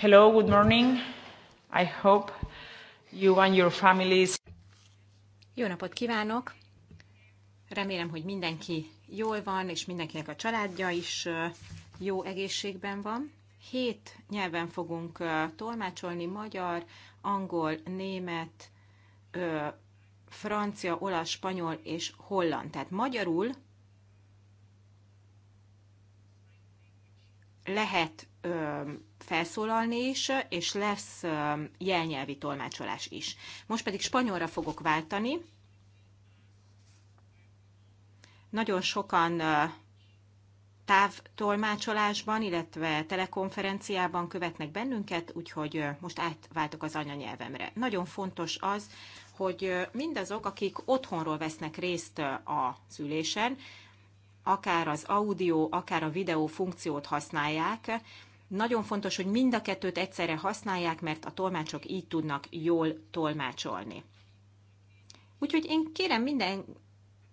Hello, good morning. I hope you and your families. Jó napot kívánok! Remélem, hogy mindenki jól van, és mindenkinek a családja is jó egészségben van. Hét nyelven fogunk tolmácsolni magyar, angol, német, francia, olasz, spanyol és holland. Tehát magyarul lehet felszólalni is, és lesz jelnyelvi tolmácsolás is. Most pedig spanyolra fogok váltani. Nagyon sokan távtolmácsolásban, illetve telekonferenciában követnek bennünket, úgyhogy most átváltok az anyanyelvemre. Nagyon fontos az, hogy mindazok, akik otthonról vesznek részt a szülésen, akár az audio, akár a videó funkciót használják, nagyon fontos, hogy mind a kettőt egyszerre használják, mert a tolmácsok így tudnak jól tolmácsolni. Úgyhogy én kérem minden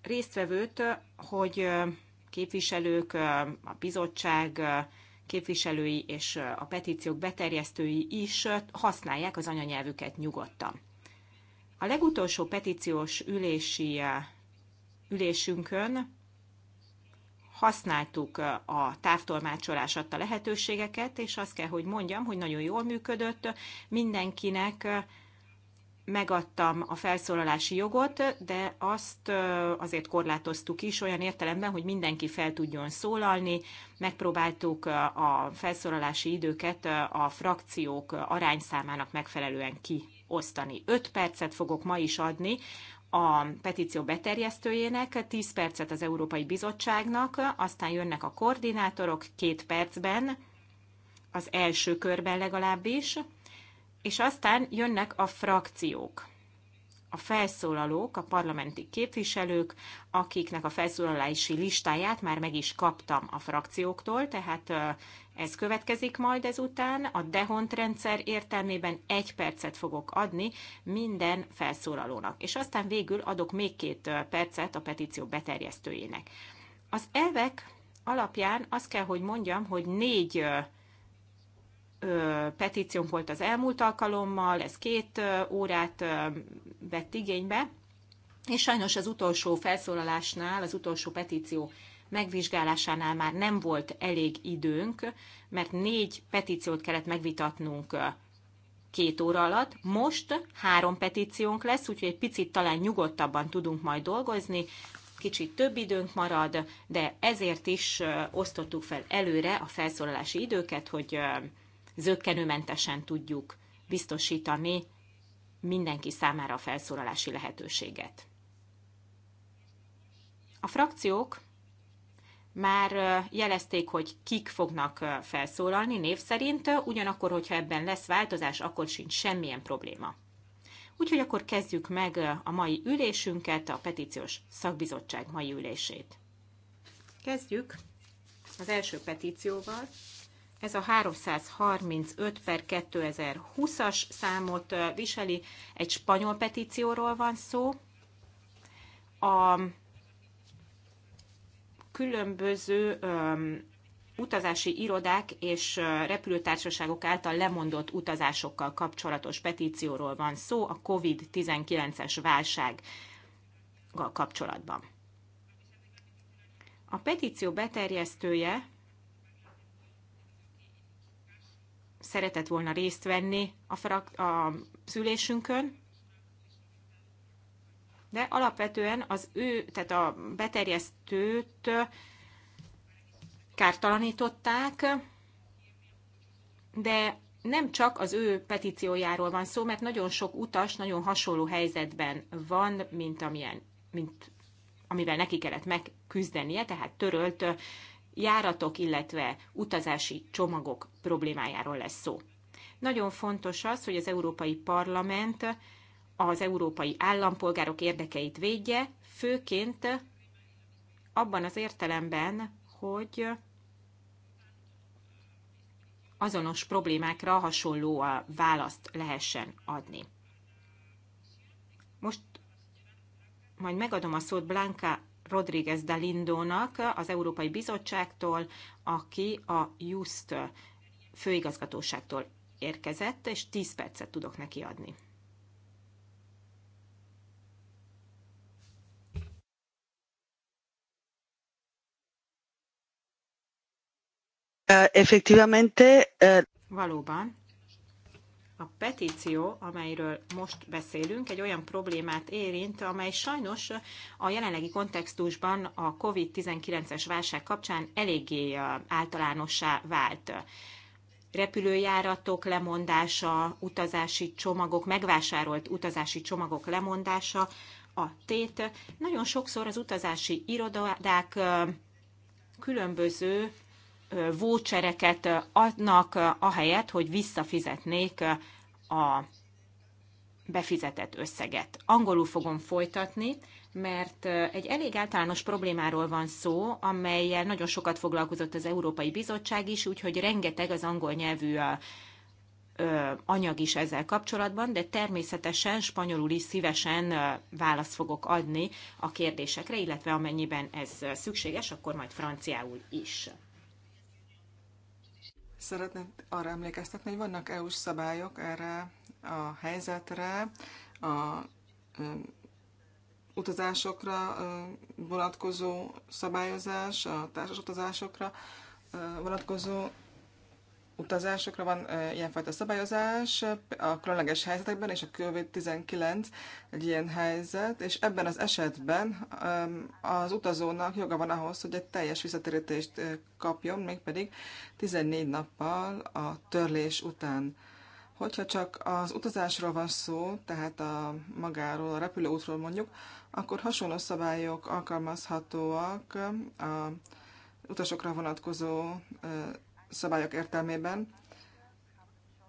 résztvevőt, hogy képviselők, a bizottság képviselői és a petíciók beterjesztői is használják az anyanyelvüket nyugodtan. A legutolsó petíciós ülési ülésünkön használtuk a távtolmácsolás adta lehetőségeket, és azt kell, hogy mondjam, hogy nagyon jól működött. Mindenkinek megadtam a felszólalási jogot, de azt azért korlátoztuk is olyan értelemben, hogy mindenki fel tudjon szólalni. Megpróbáltuk a felszólalási időket a frakciók arányszámának megfelelően kiosztani. Öt 5 percet fogok ma is adni a petíció beterjesztőjének, 10 percet az Európai Bizottságnak, aztán jönnek a koordinátorok két percben, az első körben legalábbis, és aztán jönnek a frakciók, a felszólalók, a parlamenti képviselők, akiknek a felszólalási listáját már meg is kaptam a frakcióktól, tehát ez következik majd ezután, a Dehont rendszer értelmében egy percet fogok adni minden felszólalónak, és aztán végül adok még két percet a petíció beterjesztőjének. Az elvek alapján azt kell, hogy mondjam, hogy négy petíció petíciónk volt az elmúlt alkalommal, ez két órát vett igénybe, és sajnos az utolsó felszólalásnál, az utolsó petíció megvizsgálásánál már nem volt elég időnk, mert négy petíciót kellett megvitatnunk két óra alatt. Most három petíciónk lesz, úgyhogy egy picit talán nyugodtabban tudunk majd dolgozni, kicsit több időnk marad, de ezért is osztottuk fel előre a felszólalási időket, hogy zöggenőmentesen tudjuk biztosítani mindenki számára a felszólalási lehetőséget. A frakciók már jelezték, hogy kik fognak felszólalni név szerint, ugyanakkor, hogyha ebben lesz változás, akkor sincs semmilyen probléma. Úgyhogy akkor kezdjük meg a mai ülésünket, a petíciós szakbizottság mai ülését. Kezdjük az első petícióval. Ez a 335 per 2020-as számot viseli, egy spanyol petícióról van szó. A különböző utazási irodák és repülőtársaságok által lemondott utazásokkal kapcsolatos petícióról van szó a COVID-19-es válsággal kapcsolatban. A petíció beterjesztője szeretett volna részt venni a, frak- a szülésünkön, de alapvetően az ő, tehát a beterjesztőt kártalanították, de nem csak az ő petíciójáról van szó, mert nagyon sok utas nagyon hasonló helyzetben van, mint, amilyen, mint amivel neki kellett megküzdenie, tehát törölt járatok, illetve utazási csomagok problémájáról lesz szó. Nagyon fontos az, hogy az Európai Parlament az európai állampolgárok érdekeit védje, főként abban az értelemben, hogy azonos problémákra hasonló a választ lehessen adni. Most majd megadom a szót Blanca Rodríguez Dalindónak az Európai Bizottságtól, aki a Just főigazgatóságtól érkezett, és 10 percet tudok neki adni. Effectivamente. Eh, eh, Valóban. A petíció, amelyről most beszélünk, egy olyan problémát érint, amely sajnos a jelenlegi kontextusban a COVID-19-es válság kapcsán eléggé eh, általánossá vált repülőjáratok lemondása, utazási csomagok, megvásárolt utazási csomagok lemondása a tét. Nagyon sokszor az utazási irodák különböző vouchereket adnak, ahelyett, hogy visszafizetnék a befizetett összeget. Angolul fogom folytatni, mert egy elég általános problémáról van szó, amelyel nagyon sokat foglalkozott az Európai Bizottság is, úgyhogy rengeteg az angol nyelvű anyag is ezzel kapcsolatban, de természetesen spanyolul is szívesen választ fogok adni a kérdésekre, illetve amennyiben ez szükséges, akkor majd franciául is. Szeretném arra emlékeztetni, hogy vannak EU-s szabályok erre a helyzetre, a utazásokra vonatkozó szabályozás, a társas utazásokra vonatkozó utazásokra van ilyenfajta szabályozás, a különleges helyzetekben, és a COVID-19 egy ilyen helyzet, és ebben az esetben az utazónak joga van ahhoz, hogy egy teljes visszatérítést kapjon, mégpedig 14 nappal a törlés után. Hogyha csak az utazásról van szó, tehát a magáról, a repülőútról mondjuk, akkor hasonló szabályok alkalmazhatóak a utasokra vonatkozó szabályok értelmében.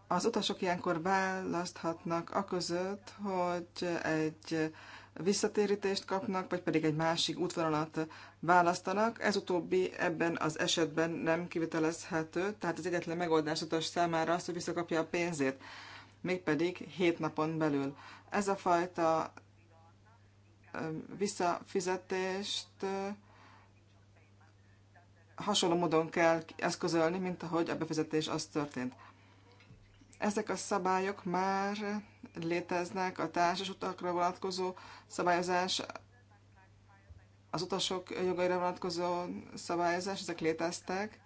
Az utasok ilyenkor választhatnak a között, hogy egy visszatérítést kapnak, vagy pedig egy másik útvonalat választanak. Ez utóbbi ebben az esetben nem kivitelezhető, tehát az egyetlen megoldás utas számára az, hogy visszakapja a pénzét, mégpedig hét napon belül. Ez a fajta visszafizetést hasonló módon kell eszközölni, mint ahogy a befizetés az történt. Ezek a szabályok már léteznek, a társas utakra vonatkozó szabályozás, az utasok jogaira vonatkozó szabályozás, ezek léteztek.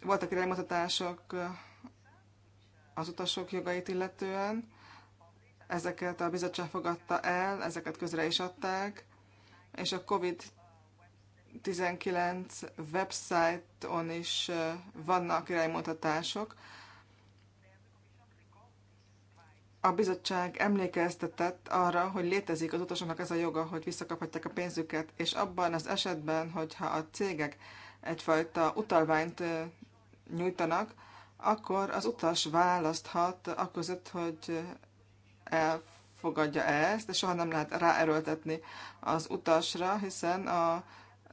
Voltak iránymutatások az utasok jogait illetően, ezeket a bizottság fogadta el, ezeket közre is adták, és a COVID 19 websájton is vannak iránymutatások. A bizottság emlékeztetett arra, hogy létezik az utasoknak ez a joga, hogy visszakaphatják a pénzüket, és abban az esetben, hogyha a cégek egyfajta utalványt nyújtanak, akkor az utas választhat a között, hogy elfogadja ezt, de soha nem lehet ráerőltetni az utasra, hiszen a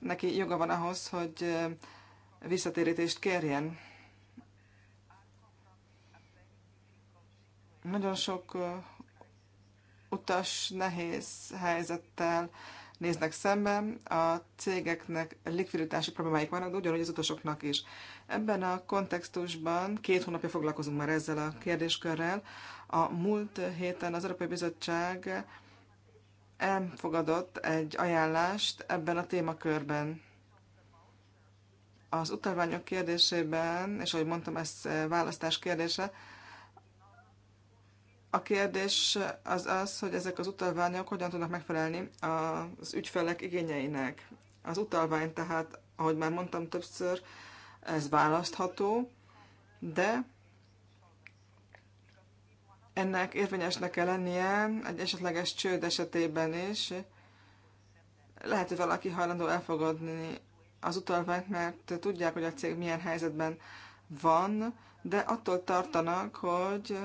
neki joga van ahhoz, hogy visszatérítést kérjen. Nagyon sok utas nehéz helyzettel néznek szembe, a cégeknek likviditási problémáik vannak, ugyanúgy az utasoknak is. Ebben a kontextusban két hónapja foglalkozunk már ezzel a kérdéskörrel. A múlt héten az Európai Bizottság elfogadott egy ajánlást ebben a témakörben. Az utalványok kérdésében, és ahogy mondtam, ez választás kérdése, a kérdés az az, hogy ezek az utalványok hogyan tudnak megfelelni az ügyfelek igényeinek. Az utalvány tehát, ahogy már mondtam többször, ez választható, de ennek érvényesnek kell lennie egy esetleges csőd esetében is. Lehet, hogy valaki hajlandó elfogadni az utalványt, mert tudják, hogy a cég milyen helyzetben van, de attól tartanak, hogy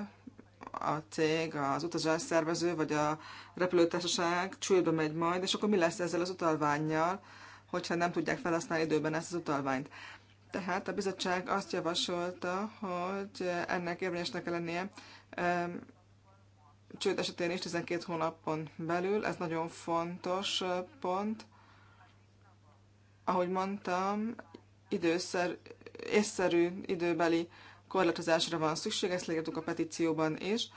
a cég, az utazás szervező vagy a repülőtársaság csődbe megy majd, és akkor mi lesz ezzel az utalványjal, hogyha nem tudják felhasználni időben ezt az utalványt. Tehát a bizottság azt javasolta, hogy ennek érvényesnek kell lennie csőd esetén is 12 hónapon belül. Ez nagyon fontos pont. Ahogy mondtam, időszer, észszerű időbeli korlátozásra van szükség, ezt leírtuk a petícióban is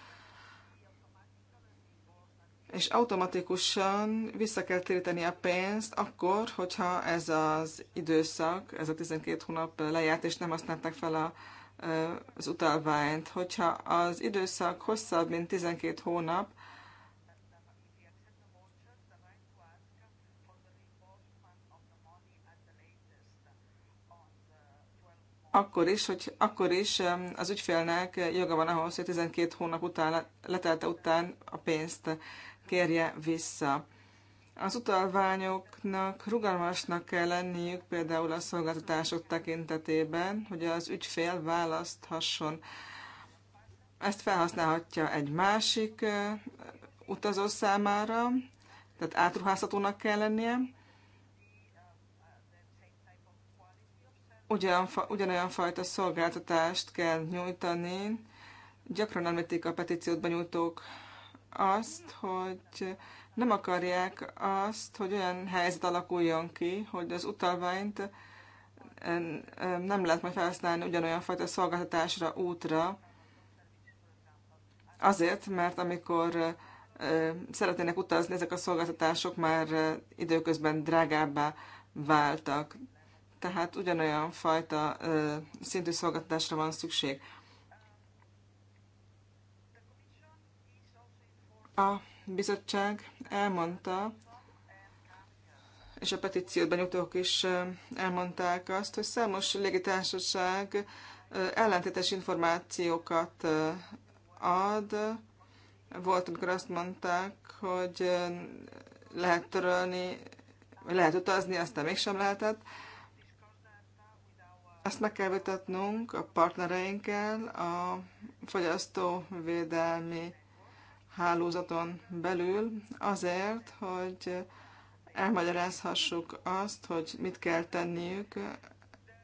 és automatikusan vissza kell téríteni a pénzt akkor, hogyha ez az időszak, ez a 12 hónap lejárt, és nem használták fel a, az utalványt. Hogyha az időszak hosszabb, mint 12 hónap, akkor is, hogy akkor is az ügyfélnek joga van ahhoz, hogy 12 hónap után, letelte után a pénzt kérje vissza. Az utalványoknak rugalmasnak kell lenniük például a szolgáltatások tekintetében, hogy az ügyfél választhasson. Ezt felhasználhatja egy másik utazó számára, tehát átruházhatónak kell lennie. Ugyan, ugyanolyan fajta szolgáltatást kell nyújtani. Gyakran említik a petíciót benyújtók azt, hogy nem akarják azt, hogy olyan helyzet alakuljon ki, hogy az utalványt nem lehet majd felhasználni ugyanolyan fajta szolgáltatásra, útra, azért, mert amikor szeretnének utazni, ezek a szolgáltatások már eh, időközben drágábbá váltak. Tehát ugyanolyan fajta eh, szintű szolgáltatásra van szükség. A bizottság elmondta, és a petíciót benyújtók is elmondták azt, hogy számos légitársaság ellentétes információkat ad. Volt, amikor azt mondták, hogy lehet törölni, vagy lehet utazni, aztán mégsem lehetett. Ezt meg kell vitatnunk a partnereinkkel, a fogyasztóvédelmi hálózaton belül azért, hogy elmagyarázhassuk azt, hogy mit kell tenniük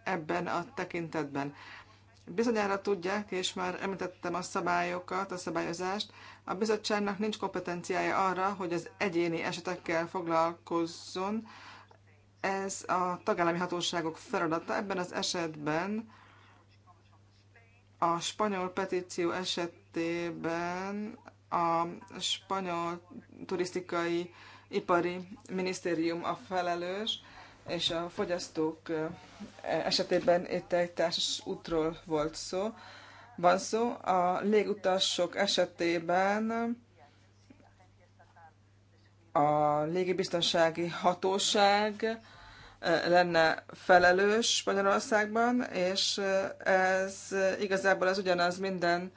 ebben a tekintetben. Bizonyára tudják, és már említettem a szabályokat, a szabályozást, a bizottságnak nincs kompetenciája arra, hogy az egyéni esetekkel foglalkozzon. Ez a tagállami hatóságok feladata. Ebben az esetben a spanyol petíció esetében a spanyol turisztikai ipari minisztérium a felelős, és a fogyasztók eh, esetében itt egy társas útról volt szó. Van szó, a légutasok esetében a légibiztonsági hatóság eh, lenne felelős Spanyolországban, és eh, ez igazából az ugyanaz minden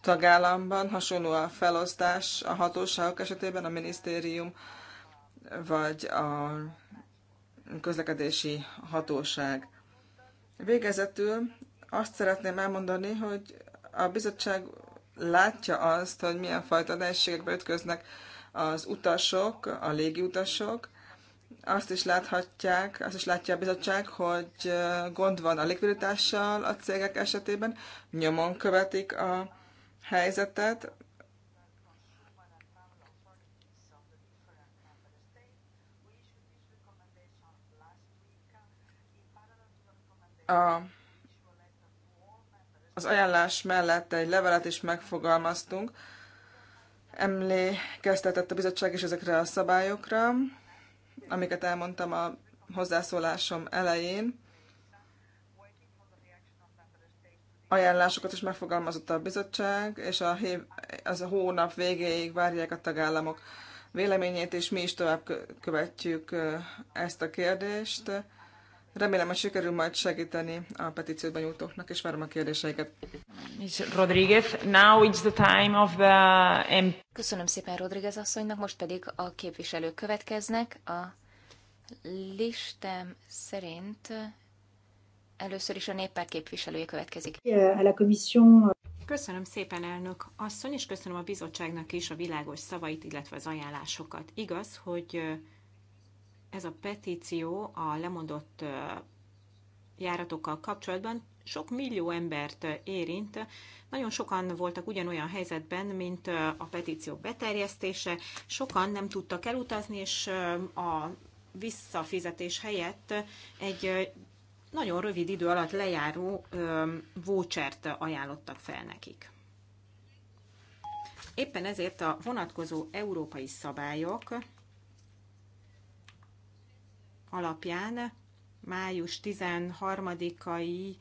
tagállamban, hasonló a felosztás a hatóságok esetében, a minisztérium vagy a közlekedési hatóság. Végezetül azt szeretném elmondani, hogy a bizottság látja azt, hogy milyen fajta nehézségekbe ütköznek az utasok, a légi utasok. Azt is láthatják, azt is látja a bizottság, hogy gond van a likviditással a cégek esetében, nyomon követik a helyzetet, a, az ajánlás mellett egy levelet is megfogalmaztunk. Emlékeztetett a bizottság is ezekre a szabályokra, amiket elmondtam a hozzászólásom elején. ajánlásokat is megfogalmazott a bizottság, és a, hév, az a hónap végéig várják a tagállamok véleményét, és mi is tovább követjük ezt a kérdést. Remélem, hogy sikerül majd segíteni a petícióban nyújtóknak, és várom a kérdéseiket. Rodríguez, now it's the time of the... Um, Köszönöm szépen Rodríguez asszonynak, most pedig a képviselők következnek. A listám szerint Először is a néppárt képviselője következik. Euh, köszönöm szépen, elnök asszony, és köszönöm a bizottságnak is a világos szavait, illetve az ajánlásokat. Igaz, hogy euh, ez a petíció a lemondott euh, járatokkal kapcsolatban sok millió embert érint. Nagyon sokan voltak ugyanolyan helyzetben, mint a petíció beterjesztése. Sokan nem tudtak elutazni, és a visszafizetés helyett egy nagyon rövid idő alatt lejáró vouchert ajánlottak fel nekik. Éppen ezért a vonatkozó európai szabályok alapján május 13-ai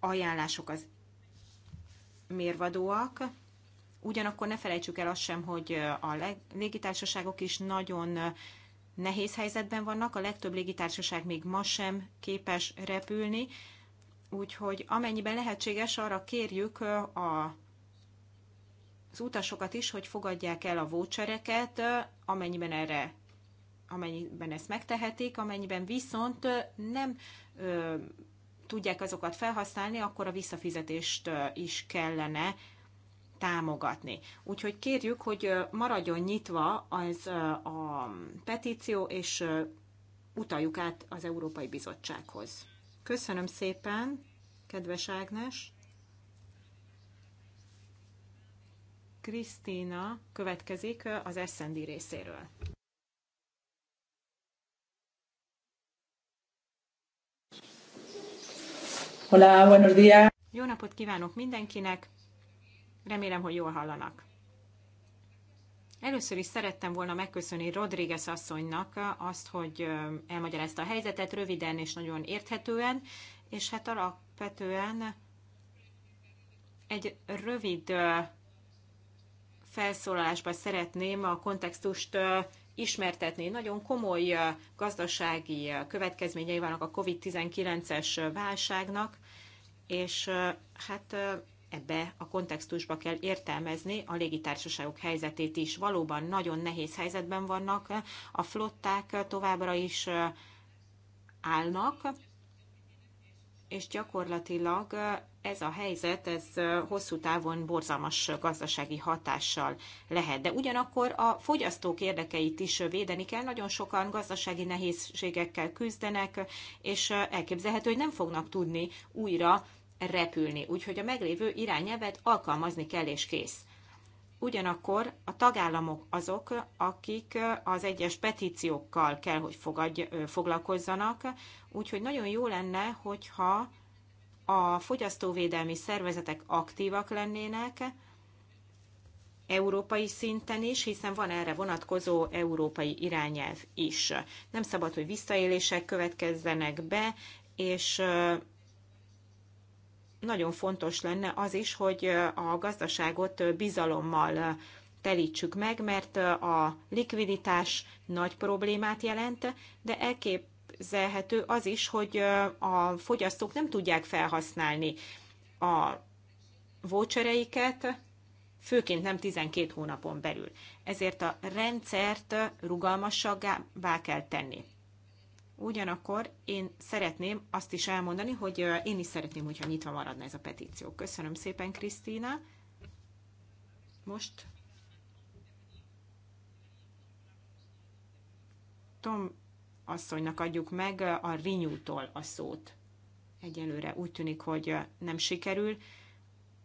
ajánlások az mérvadóak. Ugyanakkor ne felejtsük el azt sem, hogy a légitársaságok is nagyon nehéz helyzetben vannak, a legtöbb légitársaság még ma sem képes repülni, úgyhogy amennyiben lehetséges, arra kérjük a az utasokat is, hogy fogadják el a vouchereket, amennyiben erre amennyiben ezt megtehetik, amennyiben viszont nem ö, tudják azokat felhasználni, akkor a visszafizetést is kellene támogatni. Úgyhogy kérjük, hogy maradjon nyitva az a petíció, és utaljuk át az Európai Bizottsághoz. Köszönöm szépen, kedves Ágnes! Krisztina következik az SND részéről. Hola, buenos días! Jó napot kívánok mindenkinek! Remélem, hogy jól hallanak. Először is szerettem volna megköszönni Rodriguez asszonynak azt, hogy elmagyarázta a helyzetet röviden és nagyon érthetően, és hát alapvetően egy rövid felszólalásban szeretném a kontextust ismertetni. Nagyon komoly gazdasági következményei vannak a COVID-19-es válságnak, és hát ebbe a kontextusba kell értelmezni a légitársaságok helyzetét is. Valóban nagyon nehéz helyzetben vannak, a flották továbbra is állnak, és gyakorlatilag ez a helyzet, ez hosszú távon borzalmas gazdasági hatással lehet. De ugyanakkor a fogyasztók érdekeit is védeni kell. Nagyon sokan gazdasági nehézségekkel küzdenek, és elképzelhető, hogy nem fognak tudni újra repülni, úgyhogy a meglévő irányelvet alkalmazni kell és kész. Ugyanakkor a tagállamok azok, akik az egyes petíciókkal kell, hogy fogadj, foglalkozzanak, úgyhogy nagyon jó lenne, hogyha a fogyasztóvédelmi szervezetek aktívak lennének, európai szinten is, hiszen van erre vonatkozó európai irányelv is. Nem szabad, hogy visszaélések következzenek be, és nagyon fontos lenne az is, hogy a gazdaságot bizalommal telítsük meg, mert a likviditás nagy problémát jelent, de elképzelhető az is, hogy a fogyasztók nem tudják felhasználni a vouchereiket, főként nem 12 hónapon belül. Ezért a rendszert rugalmasabbá kell tenni. Ugyanakkor én szeretném azt is elmondani, hogy én is szeretném, hogyha nyitva maradna ez a petíció. Köszönöm szépen, Krisztina. Most Tom asszonynak adjuk meg a Rinyútól a szót. Egyelőre úgy tűnik, hogy nem sikerül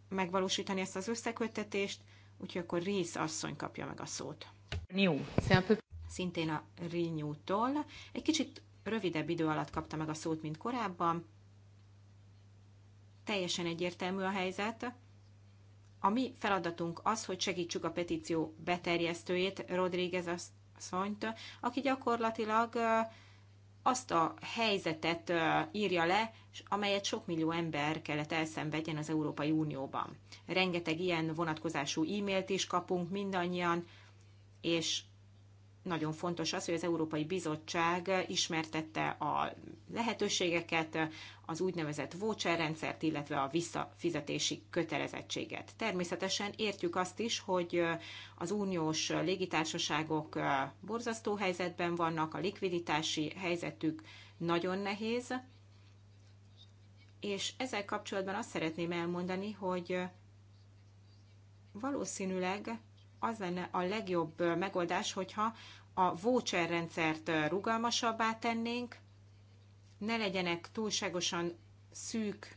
megvalósítani ezt az összeköttetést, úgyhogy akkor Rész asszony kapja meg a szót. New. Szintén a Rinyútól. Egy kicsit rövidebb idő alatt kapta meg a szót, mint korábban. Teljesen egyértelmű a helyzet. A mi feladatunk az, hogy segítsük a petíció beterjesztőjét, Rodríguez asszonyt, aki gyakorlatilag azt a helyzetet írja le, amelyet sok millió ember kellett elszenvedjen az Európai Unióban. Rengeteg ilyen vonatkozású e-mailt is kapunk mindannyian, és nagyon fontos az, hogy az Európai Bizottság ismertette a lehetőségeket, az úgynevezett voucher rendszert, illetve a visszafizetési kötelezettséget. Természetesen értjük azt is, hogy az uniós légitársaságok borzasztó helyzetben vannak, a likviditási helyzetük nagyon nehéz, és ezzel kapcsolatban azt szeretném elmondani, hogy valószínűleg az lenne a legjobb megoldás, hogyha a voucher rendszert rugalmasabbá tennénk, ne legyenek túlságosan szűk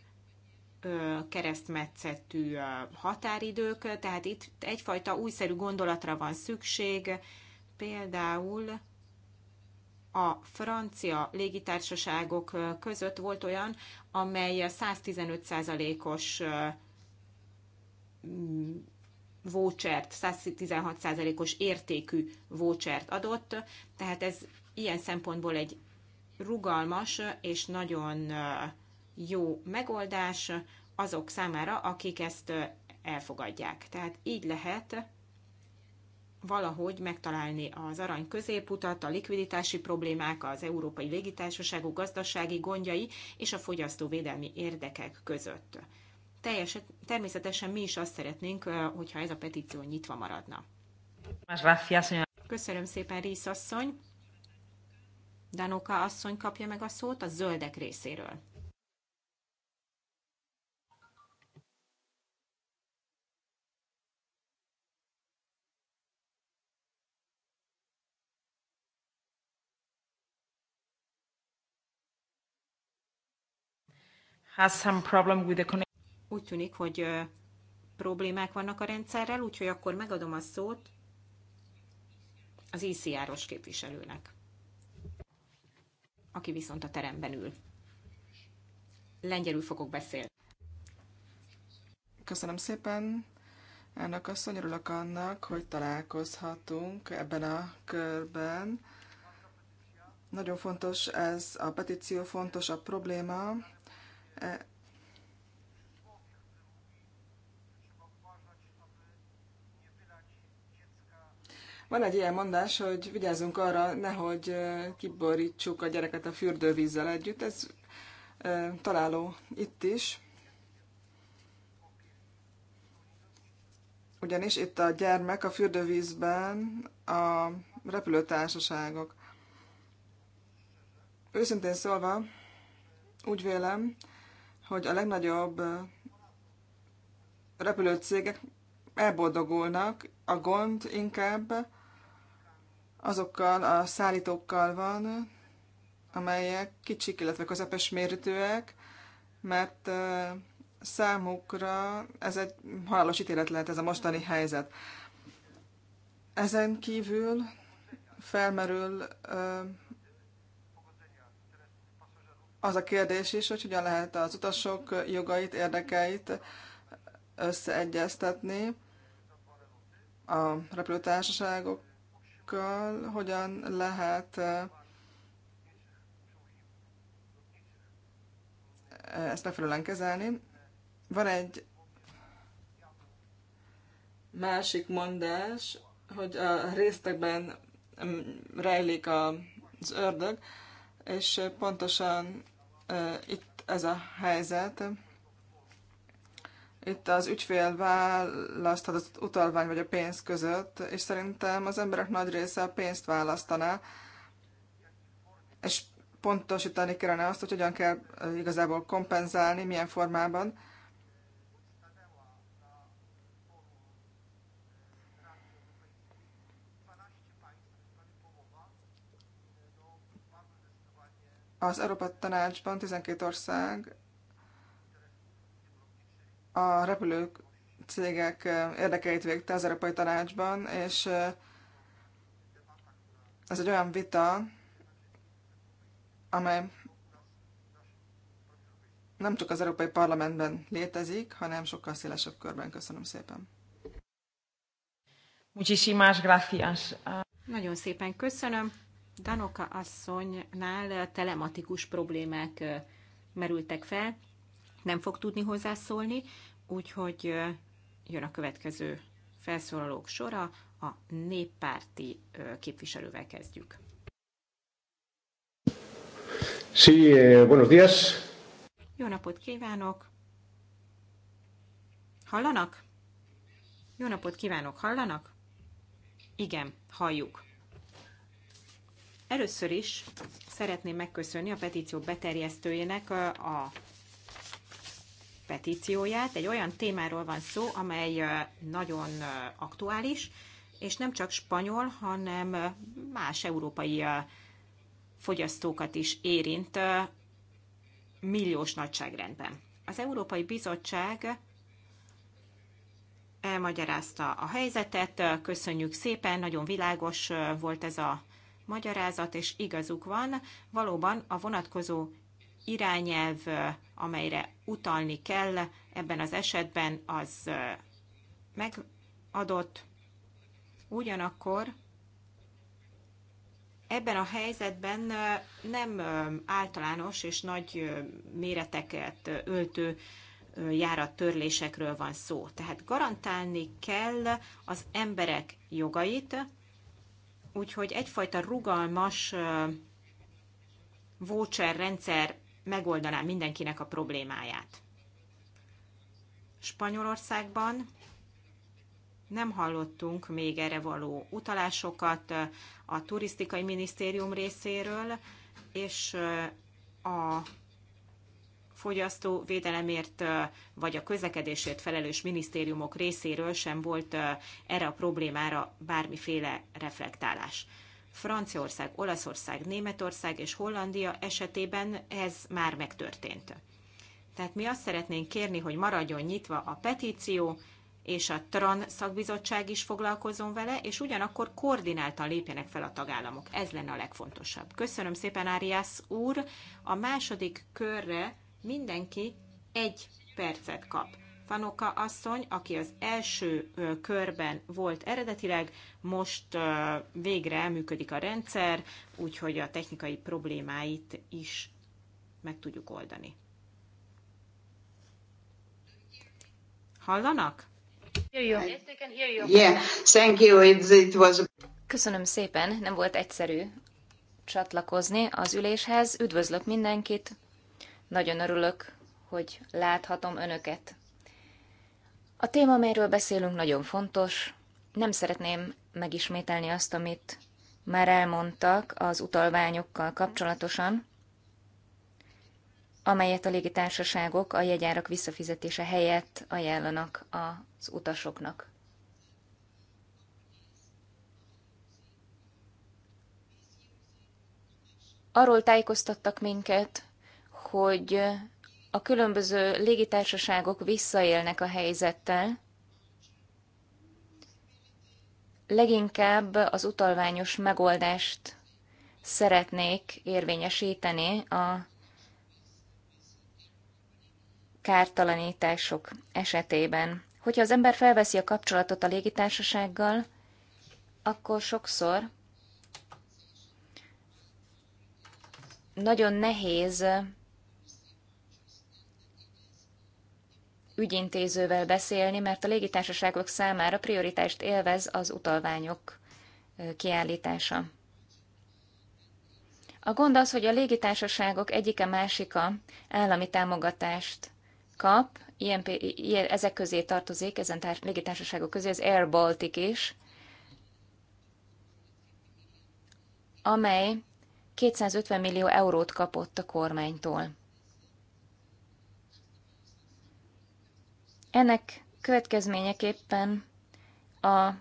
keresztmetszetű határidők, tehát itt egyfajta újszerű gondolatra van szükség, például a francia légitársaságok között volt olyan, amely 115%-os vouchert, 116%-os értékű vouchert adott, tehát ez ilyen szempontból egy rugalmas és nagyon uh, jó megoldás azok számára, akik ezt uh, elfogadják. Tehát így lehet valahogy megtalálni az arany középutat, a likviditási problémák, az európai légitársaságok gazdasági gondjai és a fogyasztóvédelmi érdekek között teljesen, természetesen mi is azt szeretnénk, hogyha ez a petíció nyitva maradna. Köszönöm szépen, Rész asszony. Danoka asszony kapja meg a szót a zöldek részéről. Has some problem with the connection úgy tűnik, hogy problémák vannak a rendszerrel, úgyhogy akkor megadom a szót az ICR-os képviselőnek, aki viszont a teremben ül. Lengyelül fogok beszélni. Köszönöm szépen. Ennek asszony, örülök annak, hogy találkozhatunk ebben a körben. Nagyon fontos ez a petíció, fontos a probléma. Van egy ilyen mondás, hogy vigyázzunk arra, nehogy kiborítsuk a gyereket a fürdővízzel együtt. Ez találó itt is. Ugyanis itt a gyermek a fürdővízben a repülőtársaságok. Őszintén szólva, úgy vélem, hogy a legnagyobb repülőcégek elboldogulnak, a gond inkább azokkal a szállítókkal van, amelyek kicsik, illetve közepes mérőtőek, mert számukra ez egy halálos ítélet lehet ez a mostani helyzet. Ezen kívül felmerül az a kérdés is, hogy hogyan lehet az utasok jogait, érdekeit összeegyeztetni a repülőtársaságok tagállamokkal hogyan lehet ezt megfelelően kezelni. Van egy másik mondás, hogy a résztekben mm, rejlik az ördög, és pontosan itt ez a helyzet itt az ügyfél választhat az utalvány vagy a pénz között, és szerintem az emberek nagy része a pénzt választaná, és pontosítani kellene azt, hogy hogyan kell igazából kompenzálni, milyen formában. Az Európa Tanácsban 12 ország a repülők cégek érdekeit végte az Európai Tanácsban, és ez egy olyan vita, amely nem csak az Európai Parlamentben létezik, hanem sokkal szélesebb körben. Köszönöm szépen. Muchísimas gracias. Nagyon szépen köszönöm. Danoka asszonynál telematikus problémák merültek fel nem fog tudni hozzászólni, úgyhogy jön a következő felszólalók sora, a néppárti képviselővel kezdjük. Sí, eh, buenos días. Jó napot kívánok! Hallanak? Jó napot kívánok, hallanak? Igen, halljuk. Először is szeretném megköszönni a petíció beterjesztőjének a petícióját. Egy olyan témáról van szó, amely nagyon aktuális, és nem csak spanyol, hanem más európai fogyasztókat is érint milliós nagyságrendben. Az Európai Bizottság elmagyarázta a helyzetet, köszönjük szépen, nagyon világos volt ez a magyarázat, és igazuk van, valóban a vonatkozó irányelv, amelyre utalni kell ebben az esetben, az megadott. Ugyanakkor ebben a helyzetben nem általános és nagy méreteket öltő járattörlésekről van szó. Tehát garantálni kell az emberek jogait, úgyhogy egyfajta rugalmas voucher rendszer megoldaná mindenkinek a problémáját. Spanyolországban nem hallottunk még erre való utalásokat a turisztikai minisztérium részéről, és a fogyasztóvédelemért vagy a közlekedésért felelős minisztériumok részéről sem volt erre a problémára bármiféle reflektálás. Franciaország, Olaszország, Németország és Hollandia esetében ez már megtörtént. Tehát mi azt szeretnénk kérni, hogy maradjon nyitva a petíció, és a TRAN szakbizottság is foglalkozom vele, és ugyanakkor koordináltan lépjenek fel a tagállamok. Ez lenne a legfontosabb. Köszönöm szépen, Áriász úr. A második körre mindenki egy percet kap. Fanoka asszony, aki az első körben volt eredetileg, most végre működik a rendszer, úgyhogy a technikai problémáit is meg tudjuk oldani. Hallanak? thank you. It, was... Köszönöm szépen, nem volt egyszerű csatlakozni az üléshez. Üdvözlök mindenkit, nagyon örülök, hogy láthatom önöket. A téma, amelyről beszélünk, nagyon fontos. Nem szeretném megismételni azt, amit már elmondtak az utalványokkal kapcsolatosan, amelyet a légitársaságok a jegyárak visszafizetése helyett ajánlanak az utasoknak. Arról tájékoztattak minket, hogy a különböző légitársaságok visszaélnek a helyzettel, leginkább az utalványos megoldást szeretnék érvényesíteni a kártalanítások esetében. Hogyha az ember felveszi a kapcsolatot a légitársasággal, akkor sokszor nagyon nehéz ügyintézővel beszélni, mert a légitársaságok számára prioritást élvez az utalványok kiállítása. A gond az, hogy a légitársaságok egyike-másika állami támogatást kap, ilyen, ilyen, ezek közé tartozik, ezen tár, légitársaságok közé az Air Baltic is, amely 250 millió eurót kapott a kormánytól. Ennek következményeképpen az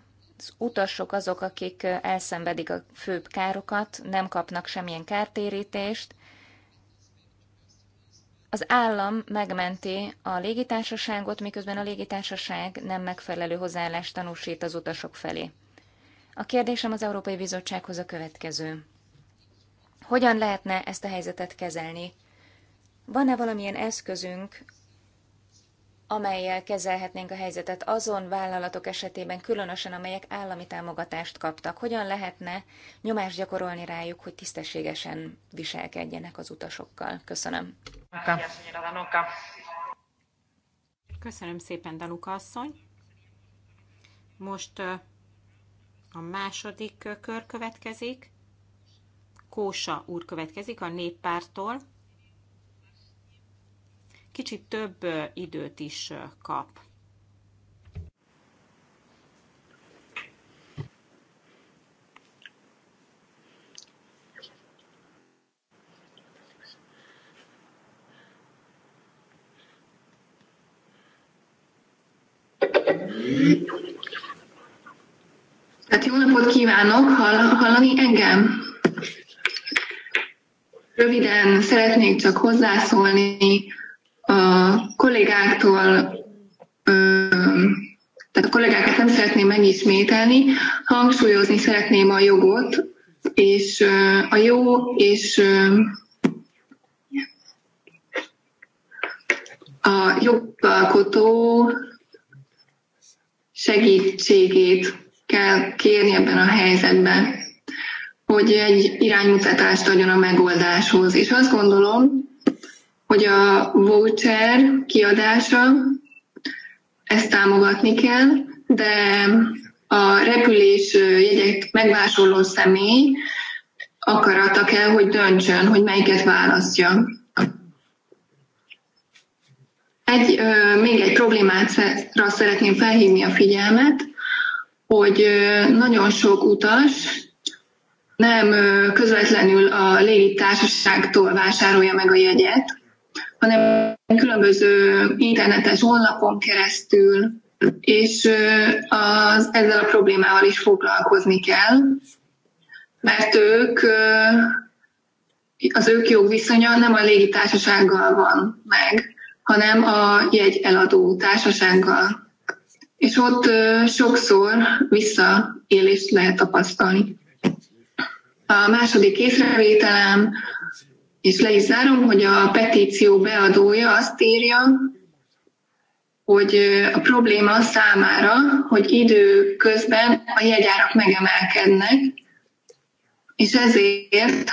utasok azok, akik elszenvedik a főbb károkat, nem kapnak semmilyen kártérítést. Az állam megmenti a légitársaságot, miközben a légitársaság nem megfelelő hozzáállást tanúsít az utasok felé. A kérdésem az Európai Bizottsághoz a következő. Hogyan lehetne ezt a helyzetet kezelni? Van-e valamilyen eszközünk amelyel kezelhetnénk a helyzetet azon vállalatok esetében, különösen amelyek állami támogatást kaptak? Hogyan lehetne nyomást gyakorolni rájuk, hogy tisztességesen viselkedjenek az utasokkal? Köszönöm. Köszönöm szépen, Danuka asszony. Most a második kör következik. Kósa úr következik a néppártól kicsit több időt is kap. Hát jó napot kívánok, Hall- hallani engem? Röviden szeretnék csak hozzászólni a kollégáktól tehát a kollégákat nem szeretném megismételni, hangsúlyozni szeretném a jogot, és a jó és a jogalkotó segítségét kell kérni ebben a helyzetben, hogy egy iránymutatást adjon a megoldáshoz. És azt gondolom, hogy a voucher kiadása, ezt támogatni kell, de a repülés jegyet megvásárló személy akarata kell, hogy döntsön, hogy melyiket választja. Egy, még egy problémára szeretném felhívni a figyelmet, hogy nagyon sok utas nem közvetlenül a légitársaságtól vásárolja meg a jegyet, hanem különböző internetes honlapon keresztül, és az, ezzel a problémával is foglalkozni kell, mert ők, az ők jogviszonya nem a légitársasággal van meg, hanem a jegy eladó társasággal. És ott sokszor visszaélést lehet tapasztalni. A második észrevételem és le is zárom, hogy a petíció beadója azt írja, hogy a probléma számára, hogy időközben a jegyárak megemelkednek, és ezért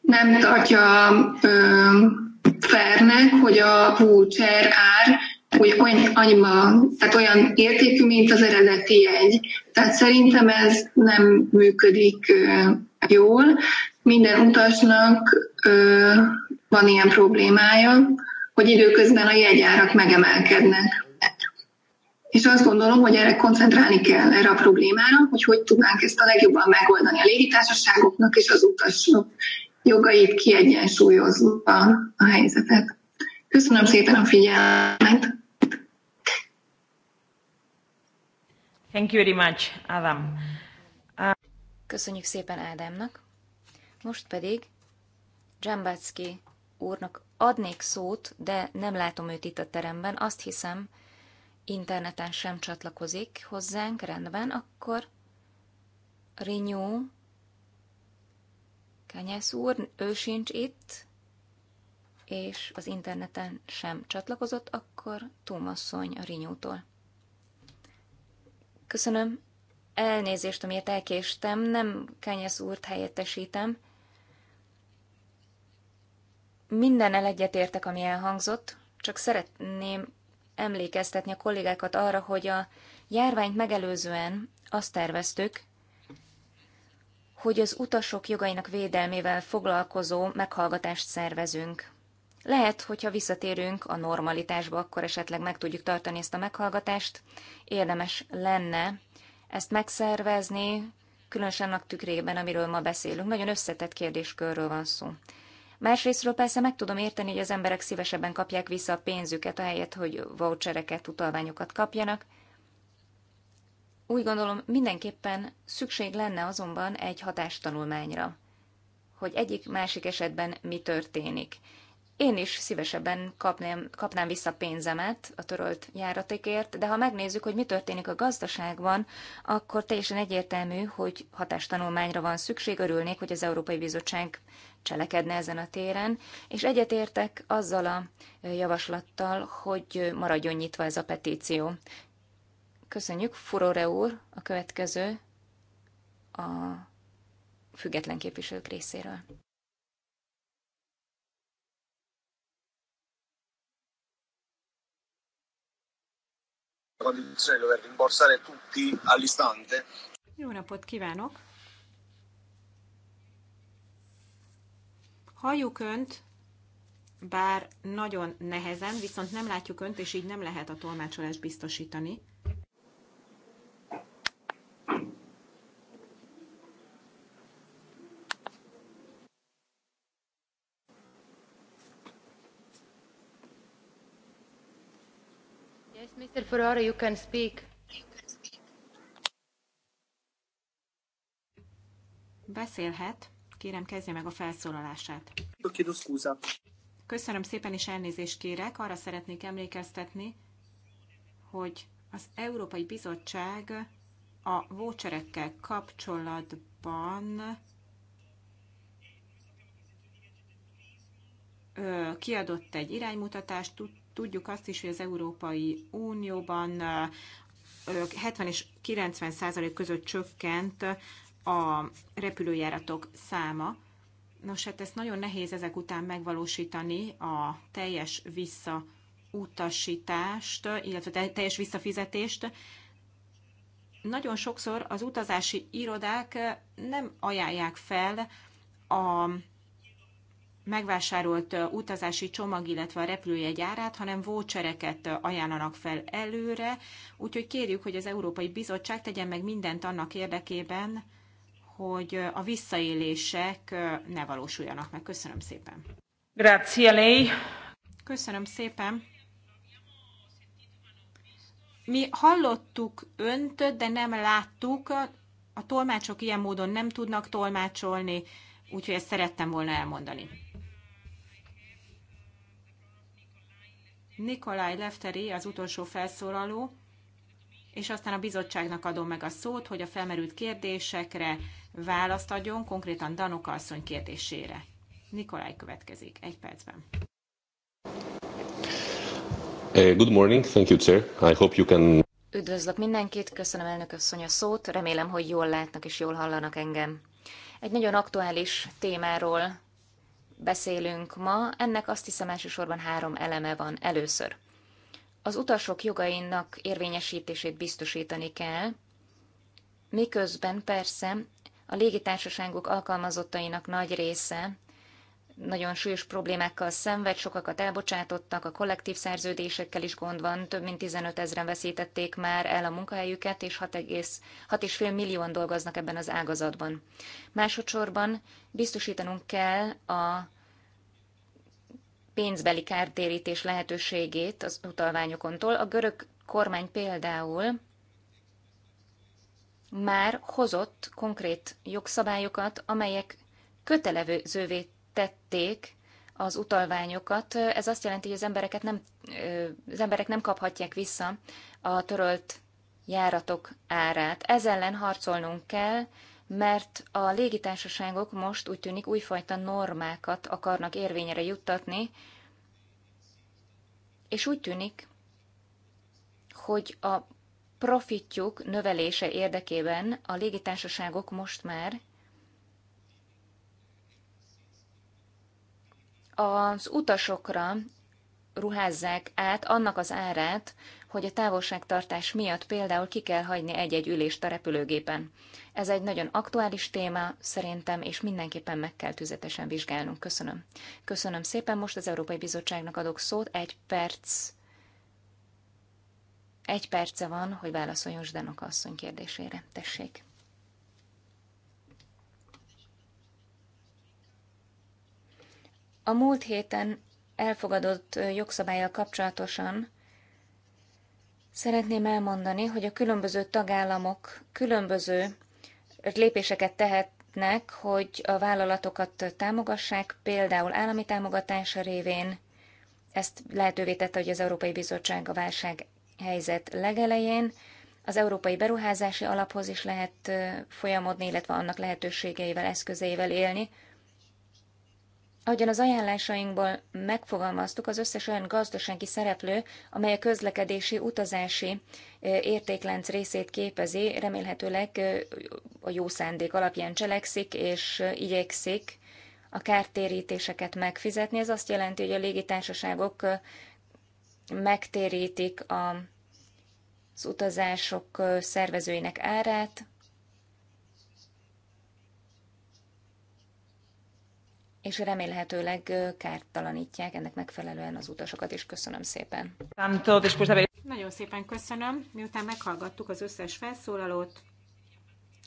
nem tartja ö, fernek, hogy a voucher ár úgy annyiba, tehát olyan értékű, mint az eredeti egy. Tehát szerintem ez nem működik jól minden utasnak ö, van ilyen problémája, hogy időközben a jegyárak megemelkednek. És azt gondolom, hogy erre koncentrálni kell erre a problémára, hogy hogy tudnánk ezt a legjobban megoldani a légitársaságoknak és az utasok jogait kiegyensúlyozva a helyzetet. Köszönöm szépen a figyelmet! Thank you very much, Adam. Uh... Köszönjük szépen Ádámnak. Most pedig Dzsambácki úrnak adnék szót, de nem látom őt itt a teremben. Azt hiszem, interneten sem csatlakozik hozzánk, rendben, akkor Rinyó Kányász úr, ő sincs itt, és az interneten sem csatlakozott, akkor Tómasszony a Rinyótól. Köszönöm, elnézést, amiért elkéstem, nem Kányász úrt helyettesítem, Mindennel egyetértek, ami elhangzott, csak szeretném emlékeztetni a kollégákat arra, hogy a járványt megelőzően azt terveztük, hogy az utasok jogainak védelmével foglalkozó meghallgatást szervezünk. Lehet, hogyha visszatérünk a normalitásba, akkor esetleg meg tudjuk tartani ezt a meghallgatást. Érdemes lenne ezt megszervezni, különösen annak tükrében, amiről ma beszélünk. Nagyon összetett kérdéskörről van szó. Másrésztről persze meg tudom érteni, hogy az emberek szívesebben kapják vissza a pénzüket, ahelyett, hogy vouchereket, utalványokat kapjanak. Úgy gondolom, mindenképpen szükség lenne azonban egy hatástanulmányra, hogy egyik-másik esetben mi történik. Én is szívesebben kapném kapnám vissza pénzemet a törölt járatékért, de ha megnézzük, hogy mi történik a gazdaságban, akkor teljesen egyértelmű, hogy hatástanulmányra van szükség. Örülnék, hogy az Európai Bizottság cselekedne ezen a téren, és egyetértek azzal a javaslattal, hogy maradjon nyitva ez a petíció. Köszönjük, Furore úr, a következő a független képviselők részéről. Jó napot kívánok! Halljuk önt, bár nagyon nehezen, viszont nem látjuk önt, és így nem lehet a tolmácsolást biztosítani. Yes, Mr. Ferrara, you can speak. Beszélhet. Kérem, kezdje meg a felszólalását. Köszönöm szépen, és elnézést kérek. Arra szeretnék emlékeztetni, hogy az Európai Bizottság a voucherekkel kapcsolatban kiadott egy iránymutatást, tudjuk azt is, hogy az Európai Unióban 70 és 90 százalék között csökkent a repülőjáratok száma. Nos, hát ezt nagyon nehéz ezek után megvalósítani a teljes visszautasítást, illetve teljes visszafizetést. Nagyon sokszor az utazási irodák nem ajánlják fel a megvásárolt utazási csomag, illetve a repülőjegy árát, hanem vouchereket ajánlanak fel előre. Úgyhogy kérjük, hogy az Európai Bizottság tegyen meg mindent annak érdekében, hogy a visszaélések ne valósuljanak meg. Köszönöm szépen. Grazie lei. Köszönöm szépen. Mi hallottuk önt, de nem láttuk. A tolmácsok ilyen módon nem tudnak tolmácsolni, úgyhogy ezt szerettem volna elmondani. Nikolaj Lefteri az utolsó felszólaló, és aztán a bizottságnak adom meg a szót, hogy a felmerült kérdésekre választ adjon konkrétan Danok asszony kérdésére. Nikolaj következik egy percben. Eh, good morning, thank you, sir. I hope you can... Üdvözlök mindenkit, köszönöm elnök asszony a szót, remélem, hogy jól látnak és jól hallanak engem. Egy nagyon aktuális témáról beszélünk ma, ennek azt hiszem elsősorban három eleme van. Először, az utasok jogainak érvényesítését biztosítani kell, miközben persze a légitársaságok alkalmazottainak nagy része nagyon súlyos problémákkal szenved, sokakat elbocsátottak, a kollektív szerződésekkel is gond van, több mint 15 ezeren veszítették már el a munkahelyüket, és 6,5 millióan dolgoznak ebben az ágazatban. Másodszorban biztosítanunk kell a pénzbeli kártérítés lehetőségét az utalványokontól. A görög kormány például már hozott konkrét jogszabályokat, amelyek kötelezővé tették az utalványokat. Ez azt jelenti, hogy az, embereket nem, az emberek nem kaphatják vissza a törölt járatok árát. Ez ellen harcolnunk kell, mert a légitársaságok most úgy tűnik újfajta normákat akarnak érvényre juttatni, és úgy tűnik, hogy a profitjuk növelése érdekében a légitársaságok most már az utasokra ruházzák át annak az árát, hogy a távolságtartás miatt például ki kell hagyni egy-egy ülést a repülőgépen. Ez egy nagyon aktuális téma szerintem, és mindenképpen meg kell tüzetesen vizsgálnunk. Köszönöm. Köszönöm szépen, most az Európai Bizottságnak adok szót, egy perc egy perce van, hogy válaszoljon Zsdenok asszony kérdésére. Tessék. A múlt héten elfogadott jogszabályjal kapcsolatosan szeretném elmondani, hogy a különböző tagállamok különböző lépéseket tehetnek, hogy a vállalatokat támogassák, például állami támogatása révén. Ezt lehetővé tette, hogy az Európai Bizottság a válság helyzet legelején. Az Európai Beruházási Alaphoz is lehet folyamodni, illetve annak lehetőségeivel, eszközeivel élni. Ahogyan az ajánlásainkból megfogalmaztuk, az összes olyan gazdasági szereplő, amely a közlekedési, utazási értéklánc részét képezi, remélhetőleg a jó szándék alapján cselekszik és igyekszik a kártérítéseket megfizetni. Ez azt jelenti, hogy a légitársaságok megtérítik a, az utazások szervezőinek árát, és remélhetőleg kártalanítják ennek megfelelően az utasokat is. Köszönöm szépen. Nagyon szépen köszönöm. Miután meghallgattuk az összes felszólalót,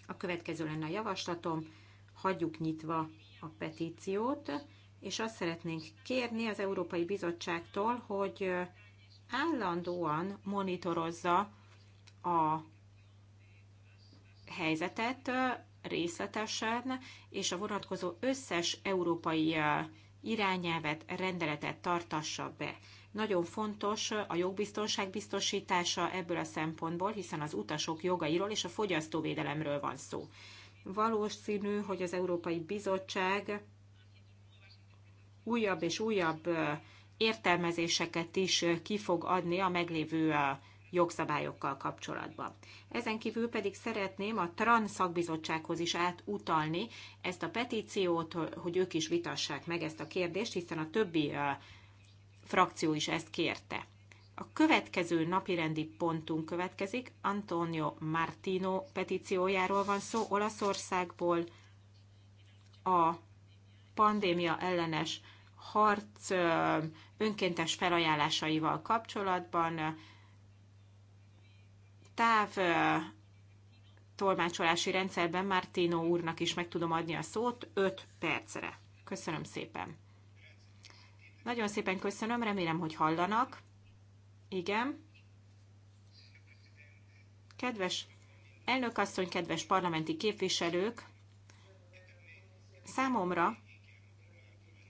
a következő lenne a javaslatom, hagyjuk nyitva a petíciót, és azt szeretnénk kérni az Európai Bizottságtól, hogy állandóan monitorozza a helyzetet részletesen, és a vonatkozó összes európai irányelvet, rendeletet tartassa be. Nagyon fontos a jogbiztonság biztosítása ebből a szempontból, hiszen az utasok jogairól és a fogyasztóvédelemről van szó. Valószínű, hogy az Európai Bizottság újabb és újabb értelmezéseket is ki fog adni a meglévő jogszabályokkal kapcsolatban. Ezen kívül pedig szeretném a TRAN szakbizottsághoz is átutalni ezt a petíciót, hogy ők is vitassák meg ezt a kérdést, hiszen a többi frakció is ezt kérte. A következő napirendi pontunk következik, Antonio Martino petíciójáról van szó, Olaszországból a pandémia ellenes harc önkéntes felajánlásaival kapcsolatban táv tolmácsolási rendszerben Martino úrnak is meg tudom adni a szót 5 percre. Köszönöm szépen. Nagyon szépen köszönöm, remélem, hogy hallanak. Igen. Kedves elnökasszony, kedves parlamenti képviselők, számomra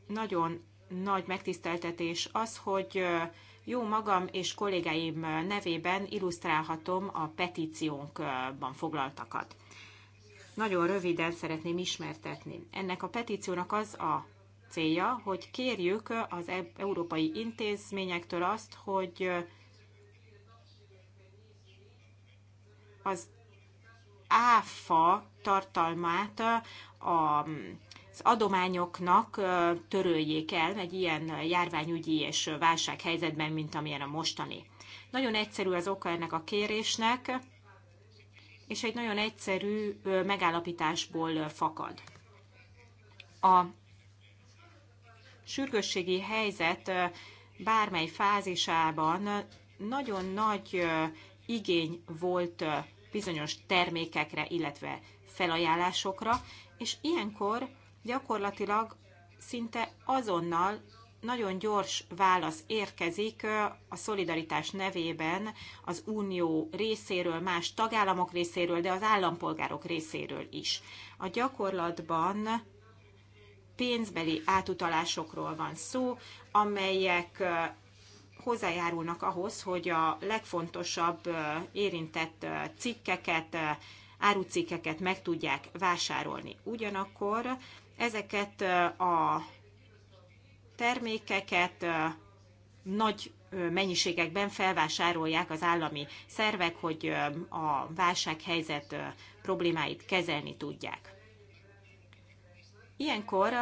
nagyon nagy megtiszteltetés az, hogy jó magam és kollégáim nevében illusztrálhatom a petíciónkban foglaltakat. Nagyon röviden szeretném ismertetni. Ennek a petíciónak az a célja, hogy kérjük az e- európai intézményektől azt, hogy az áfa tartalmát a adományoknak töröljék el egy ilyen járványügyi és válsághelyzetben, mint amilyen a mostani. Nagyon egyszerű az oka ennek a kérésnek, és egy nagyon egyszerű megállapításból fakad. A sürgősségi helyzet bármely fázisában nagyon nagy igény volt bizonyos termékekre, illetve felajánlásokra, és ilyenkor gyakorlatilag szinte azonnal nagyon gyors válasz érkezik a szolidaritás nevében az unió részéről, más tagállamok részéről, de az állampolgárok részéről is. A gyakorlatban pénzbeli átutalásokról van szó, amelyek hozzájárulnak ahhoz, hogy a legfontosabb érintett cikkeket, árucikkeket meg tudják vásárolni. Ugyanakkor Ezeket a termékeket nagy mennyiségekben felvásárolják az állami szervek, hogy a válsághelyzet problémáit kezelni tudják. Ilyenkor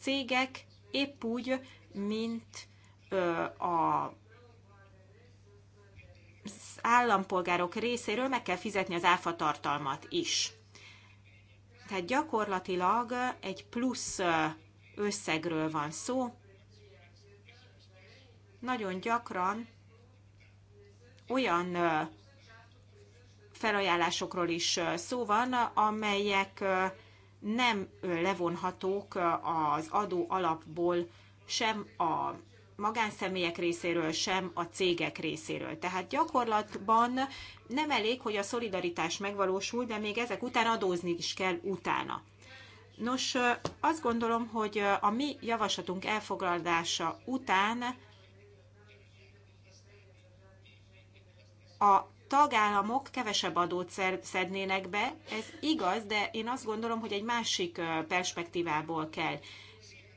cégek épp úgy, mint a állampolgárok részéről meg kell fizetni az áfatartalmat is. Tehát gyakorlatilag egy plusz összegről van szó. Nagyon gyakran olyan felajánlásokról is szó van, amelyek nem levonhatók az adó alapból sem a magánszemélyek részéről sem, a cégek részéről. Tehát gyakorlatban nem elég, hogy a szolidaritás megvalósul, de még ezek után adózni is kell utána. Nos, azt gondolom, hogy a mi javaslatunk elfogadása után a tagállamok kevesebb adót szednének be. Ez igaz, de én azt gondolom, hogy egy másik perspektívából kell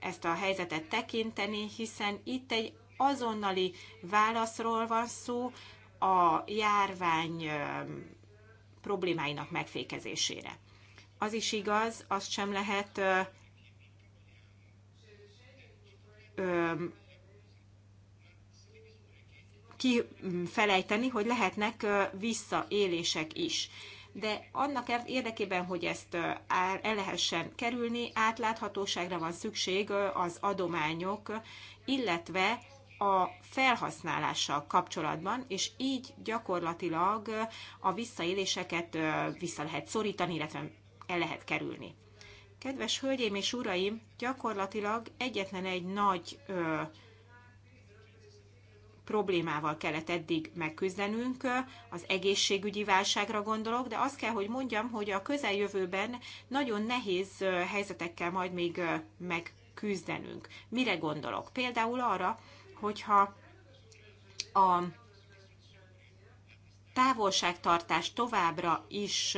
ezt a helyzetet tekinteni, hiszen itt egy azonnali válaszról van szó a járvány problémáinak megfékezésére. Az is igaz, azt sem lehet ö, ö, kifelejteni, hogy lehetnek visszaélések is de annak érdekében, hogy ezt el lehessen kerülni, átláthatóságra van szükség az adományok, illetve a felhasználással kapcsolatban, és így gyakorlatilag a visszaéléseket vissza lehet szorítani, illetve el lehet kerülni. Kedves hölgyeim és uraim, gyakorlatilag egyetlen egy nagy ö, problémával kellett eddig megküzdenünk, az egészségügyi válságra gondolok, de azt kell, hogy mondjam, hogy a közeljövőben nagyon nehéz helyzetekkel majd még megküzdenünk. Mire gondolok? Például arra, hogyha a távolságtartás továbbra is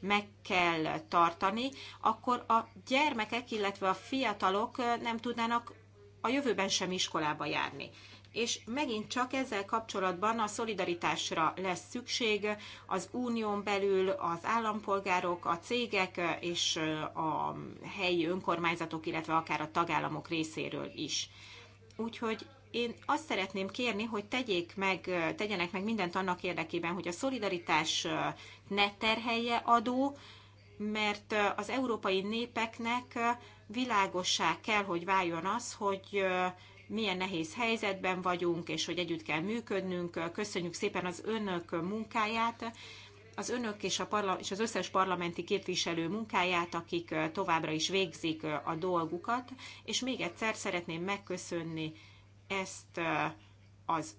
meg kell tartani, akkor a gyermekek, illetve a fiatalok nem tudnának a jövőben sem iskolába járni és megint csak ezzel kapcsolatban a szolidaritásra lesz szükség az unión belül az állampolgárok, a cégek és a helyi önkormányzatok, illetve akár a tagállamok részéről is. Úgyhogy én azt szeretném kérni, hogy tegyék meg, tegyenek meg mindent annak érdekében, hogy a szolidaritás ne terhelje adó, mert az európai népeknek világossá kell, hogy váljon az, hogy milyen nehéz helyzetben vagyunk, és hogy együtt kell működnünk. Köszönjük szépen az önök munkáját, az önök és, a parla- és az összes parlamenti képviselő munkáját, akik továbbra is végzik a dolgukat, és még egyszer szeretném megköszönni ezt az,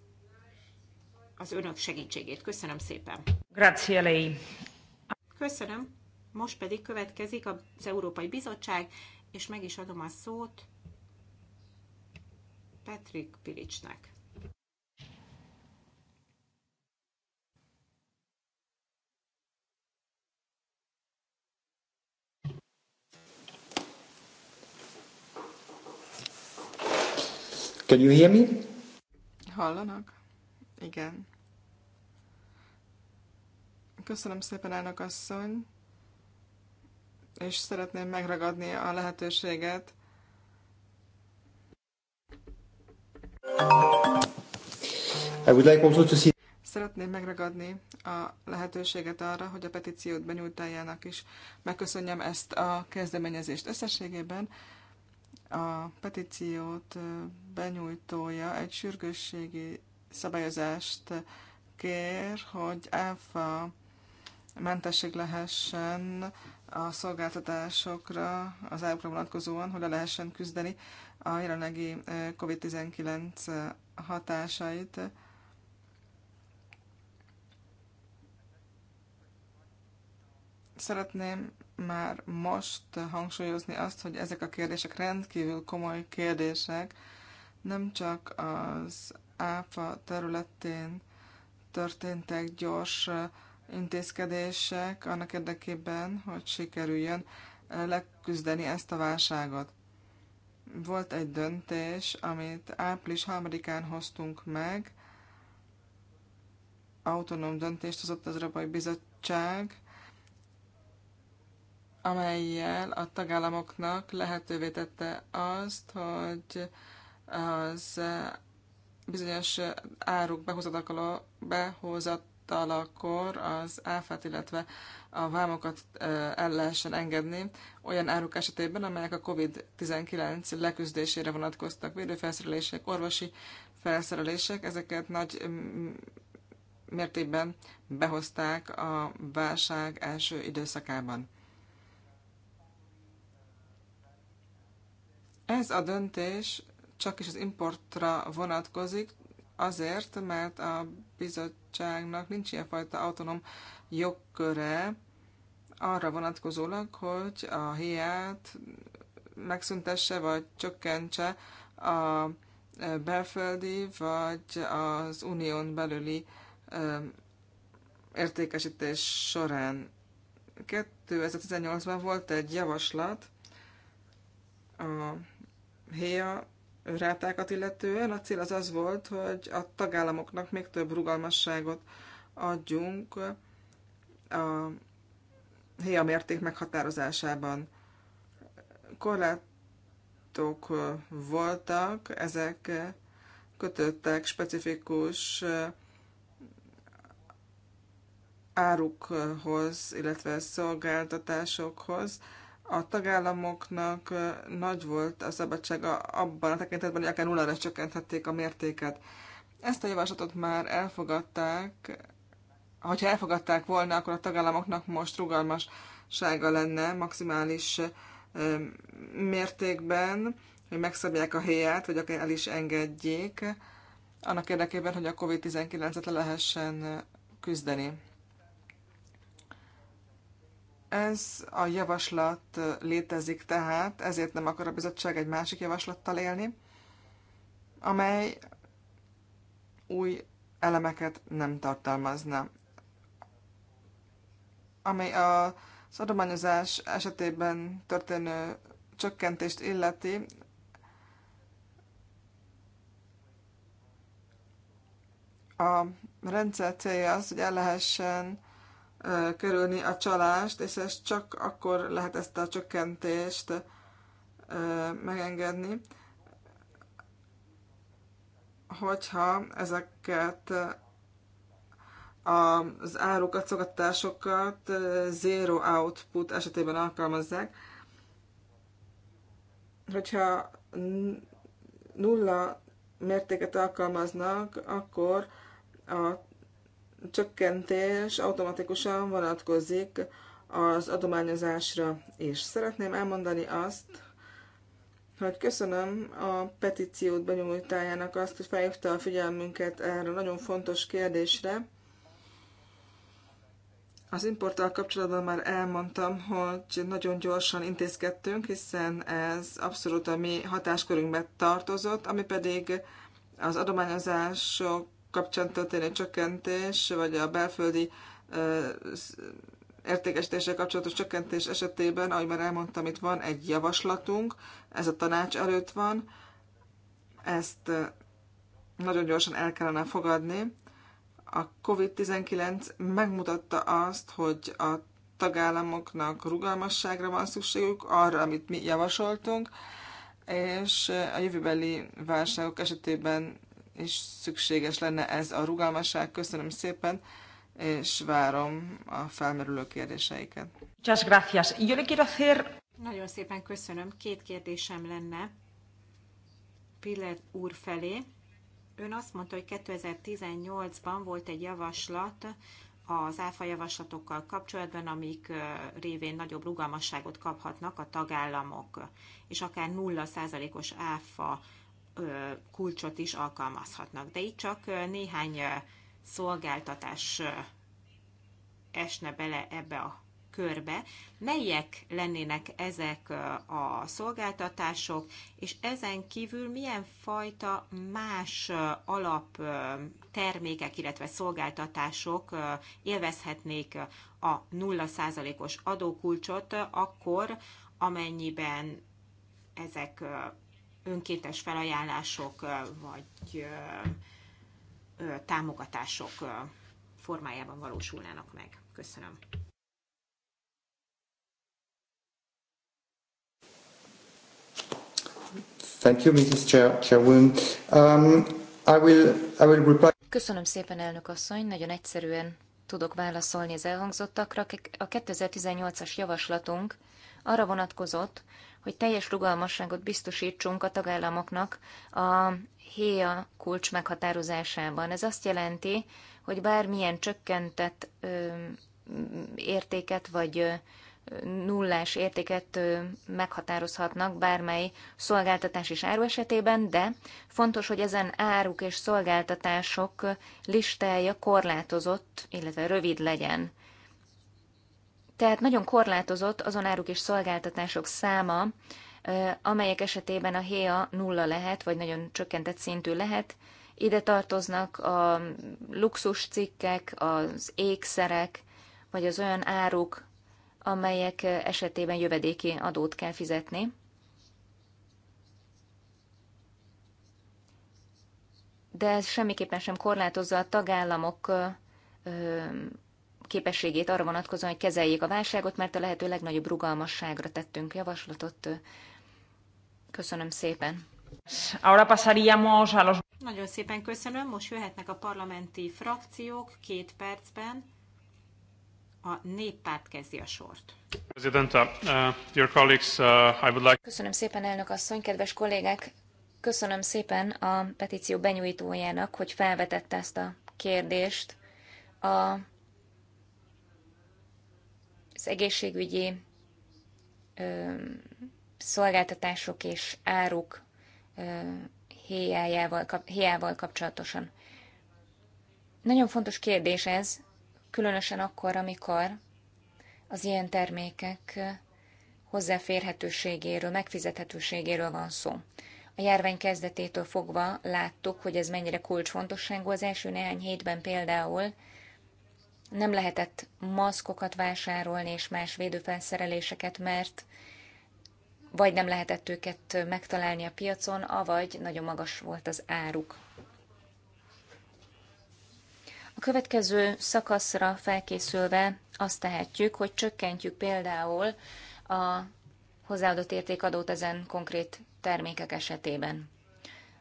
az önök segítségét. Köszönöm szépen. Grazie lei. Köszönöm. Most pedig következik az Európai Bizottság, és meg is adom a szót Patrick Pilicsnek. Can you hear me? Hallanak? Igen. Köszönöm szépen, elnök asszony, és szeretném megragadni a lehetőséget, I would like also to see... Szeretném megragadni a lehetőséget arra, hogy a petíciót benyújtájának is megköszönjem ezt a kezdeményezést összességében. A petíciót benyújtója egy sürgősségi szabályozást kér, hogy áfa mentesség lehessen a szolgáltatásokra, az árukra vonatkozóan, hogy le lehessen küzdeni a jelenlegi COVID-19 hatásait. Szeretném már most hangsúlyozni azt, hogy ezek a kérdések rendkívül komoly kérdések, nem csak az ÁFA területén történtek gyors intézkedések annak érdekében, hogy sikerüljön leküzdeni ezt a válságot. Volt egy döntés, amit április 3-án hoztunk meg, autonóm döntést hozott az Európai Bizottság, amelyel a tagállamoknak lehetővé tette azt, hogy az bizonyos áruk behozatalakor az áfát, illetve a vámokat el lehessen engedni olyan áruk esetében, amelyek a COVID-19 leküzdésére vonatkoztak, védőfelszerelések, orvosi felszerelések, ezeket nagy mértékben behozták a válság első időszakában. Ez a döntés csak is az importra vonatkozik, azért, mert a bizottságnak nincs ilyenfajta autonóm jogköre arra vonatkozólag, hogy a hiát megszüntesse vagy csökkentse a belföldi vagy az unión belüli értékesítés során. 2018-ban volt egy javaslat a héja rátákat illetően. A cél az az volt, hogy a tagállamoknak még több rugalmasságot adjunk a héja mérték meghatározásában. Korlátok voltak, ezek kötöttek specifikus árukhoz, illetve szolgáltatásokhoz, a tagállamoknak nagy volt a szabadság abban a tekintetben, hogy akár nullára csökkenthették a mértéket. Ezt a javaslatot már elfogadták. Ha elfogadták volna, akkor a tagállamoknak most rugalmassága lenne maximális mértékben, hogy megszabják a helyet, vagy akár el is engedjék, annak érdekében, hogy a COVID-19-et le lehessen küzdeni. Ez a javaslat létezik tehát, ezért nem akar a bizottság egy másik javaslattal élni, amely új elemeket nem tartalmazna, amely a szadományozás esetében történő csökkentést illeti, a rendszer célja az, hogy el lehessen kerülni a csalást, és ez csak akkor lehet ezt a csökkentést megengedni, hogyha ezeket az árukat, szokatásokat zero output esetében alkalmazzák. Hogyha nulla mértéket alkalmaznak, akkor a csökkentés automatikusan vonatkozik az adományozásra és Szeretném elmondani azt, hogy köszönöm a petíciót benyújtájának azt, hogy felhívta a figyelmünket erre nagyon fontos kérdésre. Az importtal kapcsolatban már elmondtam, hogy nagyon gyorsan intézkedtünk, hiszen ez abszolút a mi hatáskörünkbe tartozott, ami pedig az adományozások kapcsán történő csökkentés, vagy a belföldi értékesítéssel kapcsolatos csökkentés esetében, ahogy már elmondtam, itt van egy javaslatunk, ez a tanács előtt van, ezt nagyon gyorsan el kellene fogadni. A COVID-19 megmutatta azt, hogy a tagállamoknak rugalmasságra van szükségük, arra, amit mi javasoltunk, és a jövőbeli válságok esetében és szükséges lenne ez a rugalmasság. Köszönöm szépen, és várom a felmerülő kérdéseiket. Muchas gracias. Yo le quiero hacer... Nagyon szépen köszönöm. Két kérdésem lenne Pillet úr felé. Ön azt mondta, hogy 2018-ban volt egy javaslat az áfa javaslatokkal kapcsolatban, amik révén nagyobb rugalmasságot kaphatnak a tagállamok, és akár 0%-os áfa kulcsot is alkalmazhatnak. De itt csak néhány szolgáltatás esne bele ebbe a körbe, melyek lennének ezek a szolgáltatások, és ezen kívül milyen fajta más alap termékek, illetve szolgáltatások élvezhetnék a 0%-os adókulcsot akkor, amennyiben ezek önkéntes felajánlások vagy támogatások formájában valósulnának meg. Köszönöm. Thank you, Mrs. Chair, Chairwoman. Um, I will, I will reply. Köszönöm szépen, elnök asszony. Nagyon egyszerűen tudok válaszolni az elhangzottakra. A 2018-as javaslatunk arra vonatkozott, hogy teljes rugalmasságot biztosítsunk a tagállamoknak a héja kulcs meghatározásában. Ez azt jelenti, hogy bármilyen csökkentett ö, értéket vagy ö, nullás értéket meghatározhatnak bármely szolgáltatás és áru esetében, de fontos, hogy ezen áruk és szolgáltatások listája korlátozott, illetve rövid legyen. Tehát nagyon korlátozott azon áruk és szolgáltatások száma, amelyek esetében a héja nulla lehet, vagy nagyon csökkentett szintű lehet. Ide tartoznak a luxuscikkek, az ékszerek, vagy az olyan áruk, amelyek esetében jövedéki adót kell fizetni. De ez semmiképpen sem korlátozza a tagállamok képességét arra vonatkozóan, hogy kezeljék a válságot, mert a lehető legnagyobb rugalmasságra tettünk javaslatot. Köszönöm szépen. Ahora pasaríamos a los... Nagyon szépen köszönöm. Most jöhetnek a parlamenti frakciók két percben. A néppárt kezdi a sort. Uh, uh, köszönöm szépen, elnök asszony, kedves kollégák! Köszönöm szépen a petíció benyújtójának, hogy felvetette ezt a kérdést. A az egészségügyi szolgáltatások és áruk héjával, héjával kapcsolatosan. Nagyon fontos kérdés ez, különösen akkor, amikor az ilyen termékek hozzáférhetőségéről, megfizethetőségéről van szó. A járvány kezdetétől fogva láttuk, hogy ez mennyire kulcsfontosságú az első néhány hétben például nem lehetett maszkokat vásárolni és más védőfelszereléseket, mert vagy nem lehetett őket megtalálni a piacon, avagy nagyon magas volt az áruk. A következő szakaszra felkészülve azt tehetjük, hogy csökkentjük például a hozzáadott értékadót ezen konkrét termékek esetében.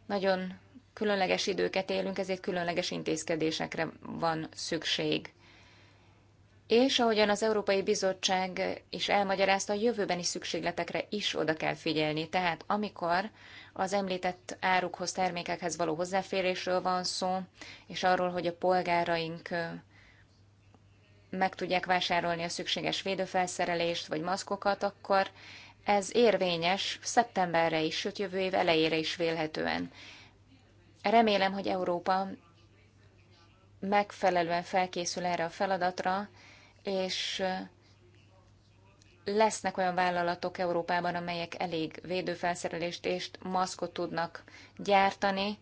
Nagyon különleges időket élünk, ezért különleges intézkedésekre van szükség és ahogyan az Európai Bizottság is elmagyarázta, a jövőbeni szükségletekre is oda kell figyelni. Tehát amikor az említett árukhoz, termékekhez való hozzáférésről van szó, és arról, hogy a polgáraink meg tudják vásárolni a szükséges védőfelszerelést vagy maszkokat, akkor ez érvényes szeptemberre is, sőt jövő év elejére is vélhetően. Remélem, hogy Európa megfelelően felkészül erre a feladatra, és lesznek olyan vállalatok Európában, amelyek elég védőfelszerelést és maszkot tudnak gyártani.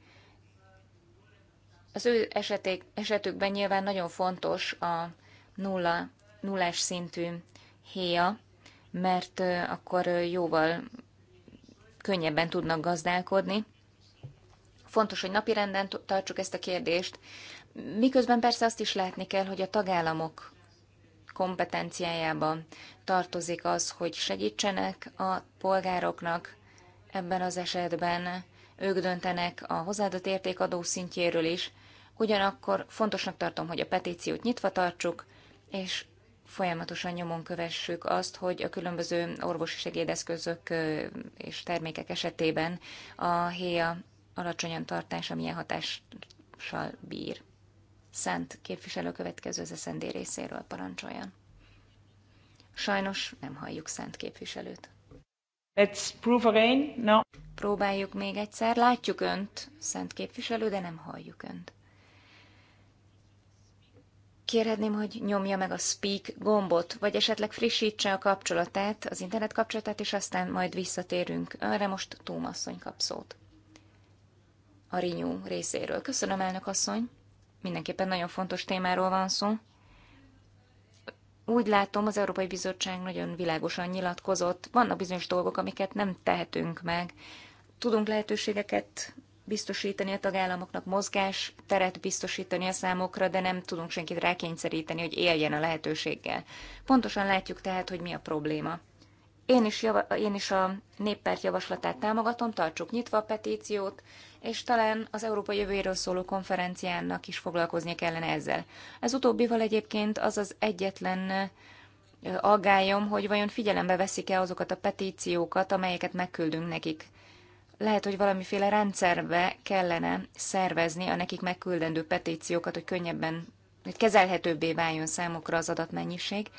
Az ő eseték, esetükben nyilván nagyon fontos a nulla, nullás szintű héja, mert akkor jóval könnyebben tudnak gazdálkodni. Fontos, hogy napirenden tartsuk ezt a kérdést, miközben persze azt is látni kell, hogy a tagállamok kompetenciájába tartozik az, hogy segítsenek a polgároknak ebben az esetben, ők döntenek a hozzáadott értékadó szintjéről is, ugyanakkor fontosnak tartom, hogy a petíciót nyitva tartsuk, és folyamatosan nyomon kövessük azt, hogy a különböző orvosi segédeszközök és termékek esetében a héja alacsonyan tartása milyen hatással bír. Szent képviselő következő az SZND részéről parancsoljon. Sajnos nem halljuk Szent képviselőt. Let's prove again. No. Próbáljuk még egyszer. Látjuk önt, Szent képviselő, de nem halljuk önt. Kérhetném, hogy nyomja meg a speak gombot, vagy esetleg frissítse a kapcsolatát, az internet kapcsolatát, és aztán majd visszatérünk. Önre most Tómasszony kap szót. A Rinyú részéről. Köszönöm, elnök asszony. Mindenképpen nagyon fontos témáról van szó. Úgy látom, az Európai Bizottság nagyon világosan nyilatkozott. Vannak bizonyos dolgok, amiket nem tehetünk meg. Tudunk lehetőségeket biztosítani a tagállamoknak, mozgás teret biztosítani a számokra, de nem tudunk senkit rákényszeríteni, hogy éljen a lehetőséggel. Pontosan látjuk tehát, hogy mi a probléma. Én is, java, én is a néppárt javaslatát támogatom, tartsuk nyitva a petíciót, és talán az Európa jövőjéről szóló konferenciának is foglalkoznia kellene ezzel. Ez utóbbival egyébként az az egyetlen aggályom, hogy vajon figyelembe veszik-e azokat a petíciókat, amelyeket megküldünk nekik. Lehet, hogy valamiféle rendszerbe kellene szervezni a nekik megküldendő petíciókat, hogy könnyebben, hogy kezelhetőbbé váljon számukra az adatmennyiség,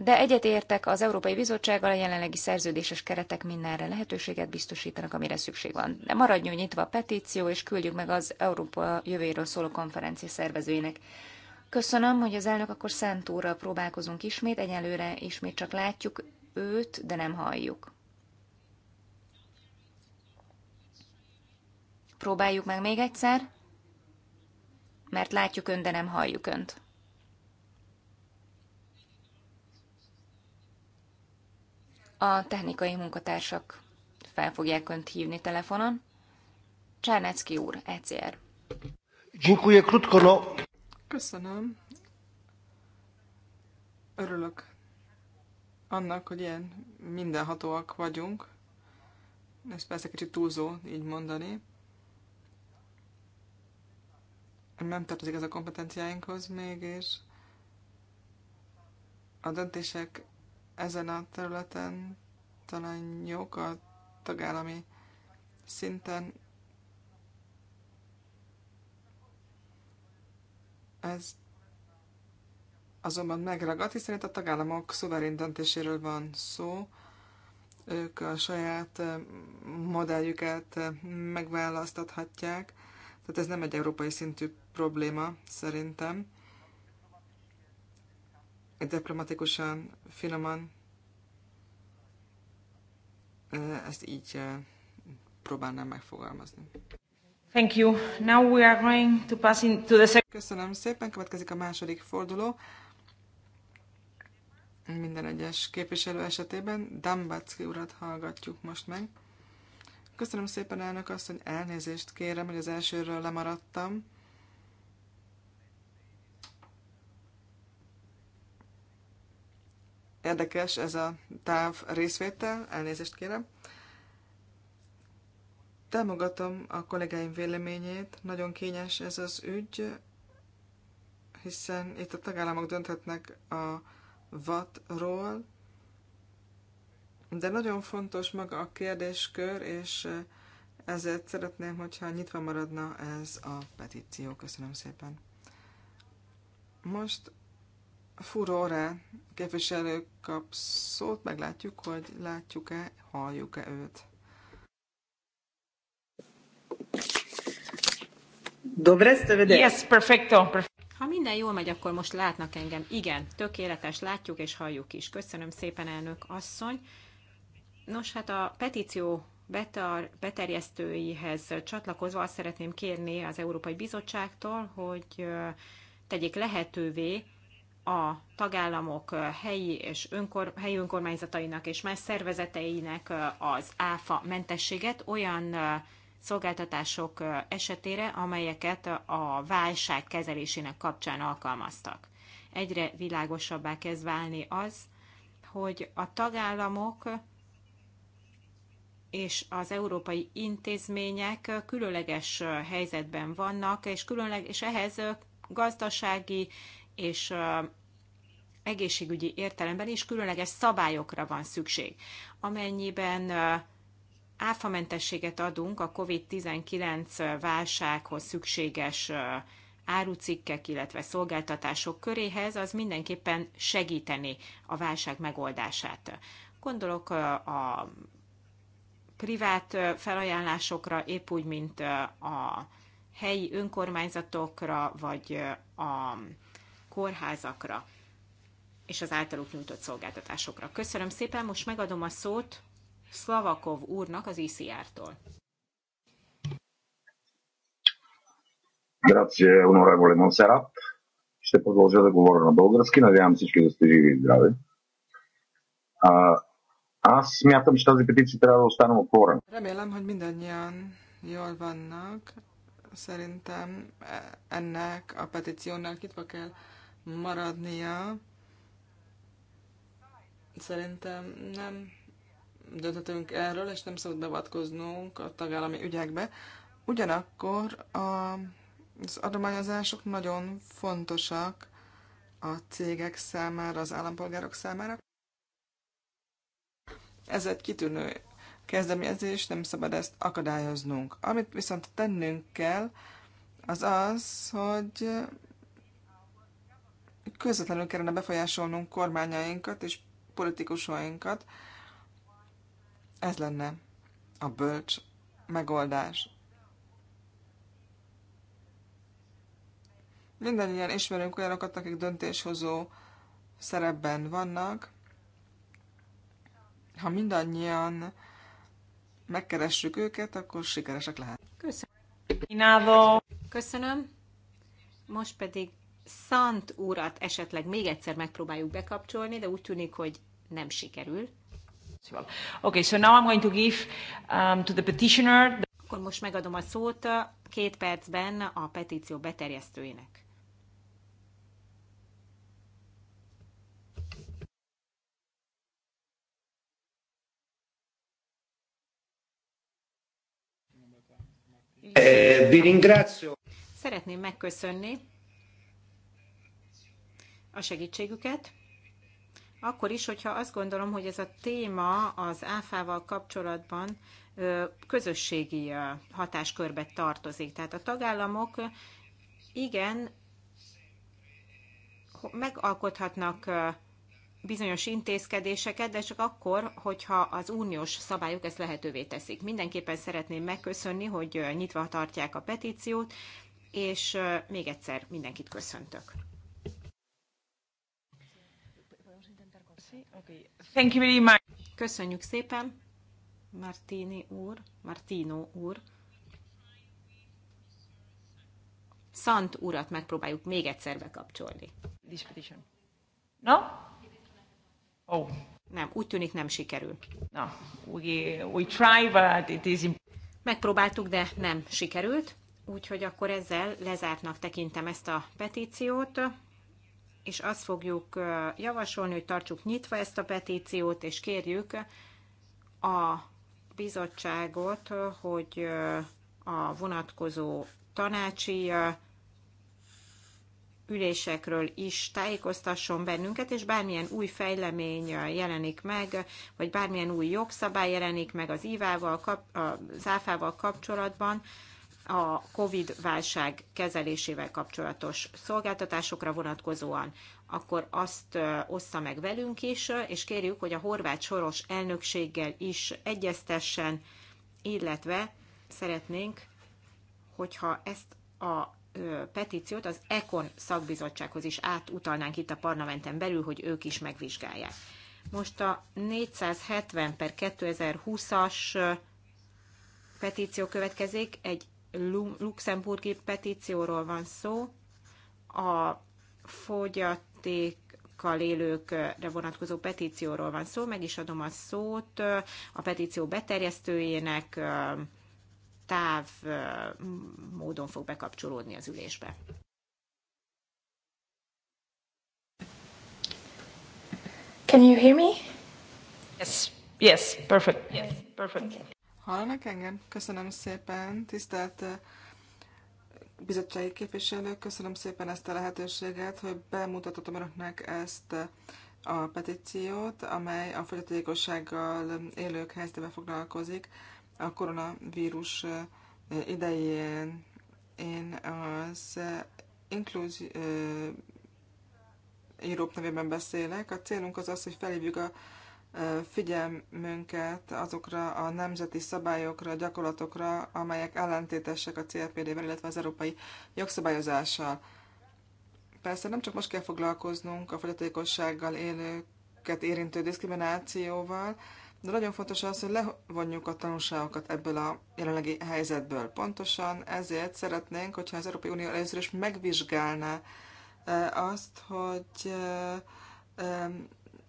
de egyetértek az Európai Bizottsággal, a jelenlegi szerződéses keretek mindenre lehetőséget biztosítanak, amire szükség van. De maradjon nyitva a petíció, és küldjük meg az Európa jövőjéről szóló konferencia szervezőinek. Köszönöm, hogy az elnök akkor Szent úrral próbálkozunk ismét, egyelőre ismét csak látjuk őt, de nem halljuk. Próbáljuk meg még egyszer, mert látjuk önt, de nem halljuk önt. A technikai munkatársak fel fogják önt hívni telefonon. Csárnecki úr, ECR. Köszönöm. Örülök annak, hogy ilyen mindenhatóak vagyunk. Ez persze kicsit túlzó így mondani. Nem tartozik ez a kompetenciáinkhoz mégis. A döntések ezen a területen talán jók a tagállami szinten. Ez azonban megragad, hiszen itt a tagállamok szuverén döntéséről van szó. Ők a saját modelljüket megválasztathatják, tehát ez nem egy európai szintű probléma szerintem diplomatikusan, finoman ezt így próbálnám megfogalmazni. Thank you. Now we are going to pass into the second. Köszönöm szépen, következik a második forduló. Minden egyes képviselő esetében Dambacki urat hallgatjuk most meg. Köszönöm szépen, elnök asszony, elnézést kérem, hogy az elsőről lemaradtam. Érdekes ez a táv részvétel, elnézést kérem. Támogatom a kollégáim véleményét, nagyon kényes ez az ügy, hiszen itt a tagállamok dönthetnek a VAT-ról, de nagyon fontos maga a kérdéskör, és ezért szeretném, hogyha nyitva maradna ez a petíció. Köszönöm szépen. Most Furore képviselő kap szót, meglátjuk, hogy látjuk-e, halljuk-e őt. Yes, perfecto. Ha minden jól megy, akkor most látnak engem. Igen, tökéletes, látjuk és halljuk is. Köszönöm szépen, elnök asszony. Nos, hát a petíció betar, beterjesztőihez csatlakozva azt szeretném kérni az Európai Bizottságtól, hogy tegyék lehetővé, a tagállamok helyi és önkor, helyi önkormányzatainak és más szervezeteinek az áfa mentességet olyan szolgáltatások esetére, amelyeket a válság kezelésének kapcsán alkalmaztak. Egyre világosabbá kezd válni az, hogy a tagállamok és az európai intézmények különleges helyzetben vannak, és, különleg, és ehhez gazdasági és egészségügyi értelemben is különleges szabályokra van szükség. Amennyiben áfamentességet adunk a COVID-19 válsághoz szükséges árucikkek, illetve szolgáltatások köréhez, az mindenképpen segíteni a válság megoldását. Gondolok a privát felajánlásokra, épp úgy, mint a helyi önkormányzatokra, vagy a kórházakra és az általuk nyújtott szolgáltatásokra. Köszönöm szépen, most megadom a szót Szlavakov úrnak az ICR-tól. Grazie, onorevole Monserrat. Ще продължа да говоря на български. Надявам всички да сте живи и здрави. А, аз смятам, че тази петиция трябва да остане отворена. Remélem, hogy mindannyian jól vannak. Szerintem e- ennek a petíciónak itt kell maradnia Szerintem nem dönthetünk erről, és nem szabad beavatkoznunk a tagállami ügyekbe. Ugyanakkor a, az adományozások nagyon fontosak a cégek számára, az állampolgárok számára. Ez egy kitűnő kezdeményezés, nem szabad ezt akadályoznunk. Amit viszont tennünk kell, az az, hogy közvetlenül kellene befolyásolnunk kormányainkat, és politikusainkat. Ez lenne a bölcs megoldás. Minden ilyen ismerünk olyanokat, akik döntéshozó szerepben vannak. Ha mindannyian megkeressük őket, akkor sikeresek lehet. Köszönöm. Köszönöm. Most pedig szant úrat esetleg még egyszer megpróbáljuk bekapcsolni, de úgy tűnik, hogy nem sikerül. Szóval. Okay, so now I'm going to give um, to the petitioner... The... Akkor most megadom a szót uh, két percben a petíció beterjesztőinek. Eh, Szeretném megköszönni a segítségüket akkor is, hogyha azt gondolom, hogy ez a téma az áfával kapcsolatban közösségi hatáskörbe tartozik. Tehát a tagállamok igen, megalkothatnak bizonyos intézkedéseket, de csak akkor, hogyha az uniós szabályok ezt lehetővé teszik. Mindenképpen szeretném megköszönni, hogy nyitva tartják a petíciót, és még egyszer mindenkit köszöntök. Thank you very much. Köszönjük szépen, Martini úr, Martino úr. Sant urat megpróbáljuk még egyszer bekapcsolni. Dispedition. No? Oh. Nem, úgy tűnik nem sikerül. No, we, we try, but it is Megpróbáltuk, de nem sikerült. Úgyhogy akkor ezzel lezártnak tekintem ezt a petíciót és azt fogjuk javasolni, hogy tartsuk nyitva ezt a petíciót, és kérjük a bizottságot, hogy a vonatkozó tanácsi ülésekről is tájékoztasson bennünket, és bármilyen új fejlemény jelenik meg, vagy bármilyen új jogszabály jelenik meg az IV-val, kap, az áfával kapcsolatban, a COVID-válság kezelésével kapcsolatos szolgáltatásokra vonatkozóan, akkor azt ossza meg velünk is, és kérjük, hogy a horvát soros elnökséggel is egyeztessen, illetve szeretnénk, hogyha ezt a petíciót az ECON szakbizottsághoz is átutalnánk itt a parlamenten belül, hogy ők is megvizsgálják. Most a 470 per 2020-as petíció következik, egy luxemburgi petícióról van szó, a fogyatékkal élőkre vonatkozó petícióról van szó, meg is adom a szót a petíció beterjesztőjének, táv módon fog bekapcsolódni az ülésbe. Can you hear me? Yes. Yes, perfect. Yes, perfect. Okay. Hallanak engem? Köszönöm szépen, tisztelt eh, bizottsági képviselők, köszönöm szépen ezt a lehetőséget, hogy bemutathatom önöknek ezt eh, a petíciót, amely a fogyatékossággal élők helyzetével foglalkozik a koronavírus eh, idején. Én az Include Europe nevében beszélek. A célunk az az, hogy felhívjuk a figyelmünket azokra a nemzeti szabályokra, gyakorlatokra, amelyek ellentétesek a CLPD-vel, illetve az európai jogszabályozással. Persze nem csak most kell foglalkoznunk a fogyatékossággal élőket érintő diszkriminációval, de nagyon fontos az, hogy levonjuk a tanulságokat ebből a jelenlegi helyzetből. Pontosan ezért szeretnénk, hogyha az Európai Unió először is megvizsgálná azt, hogy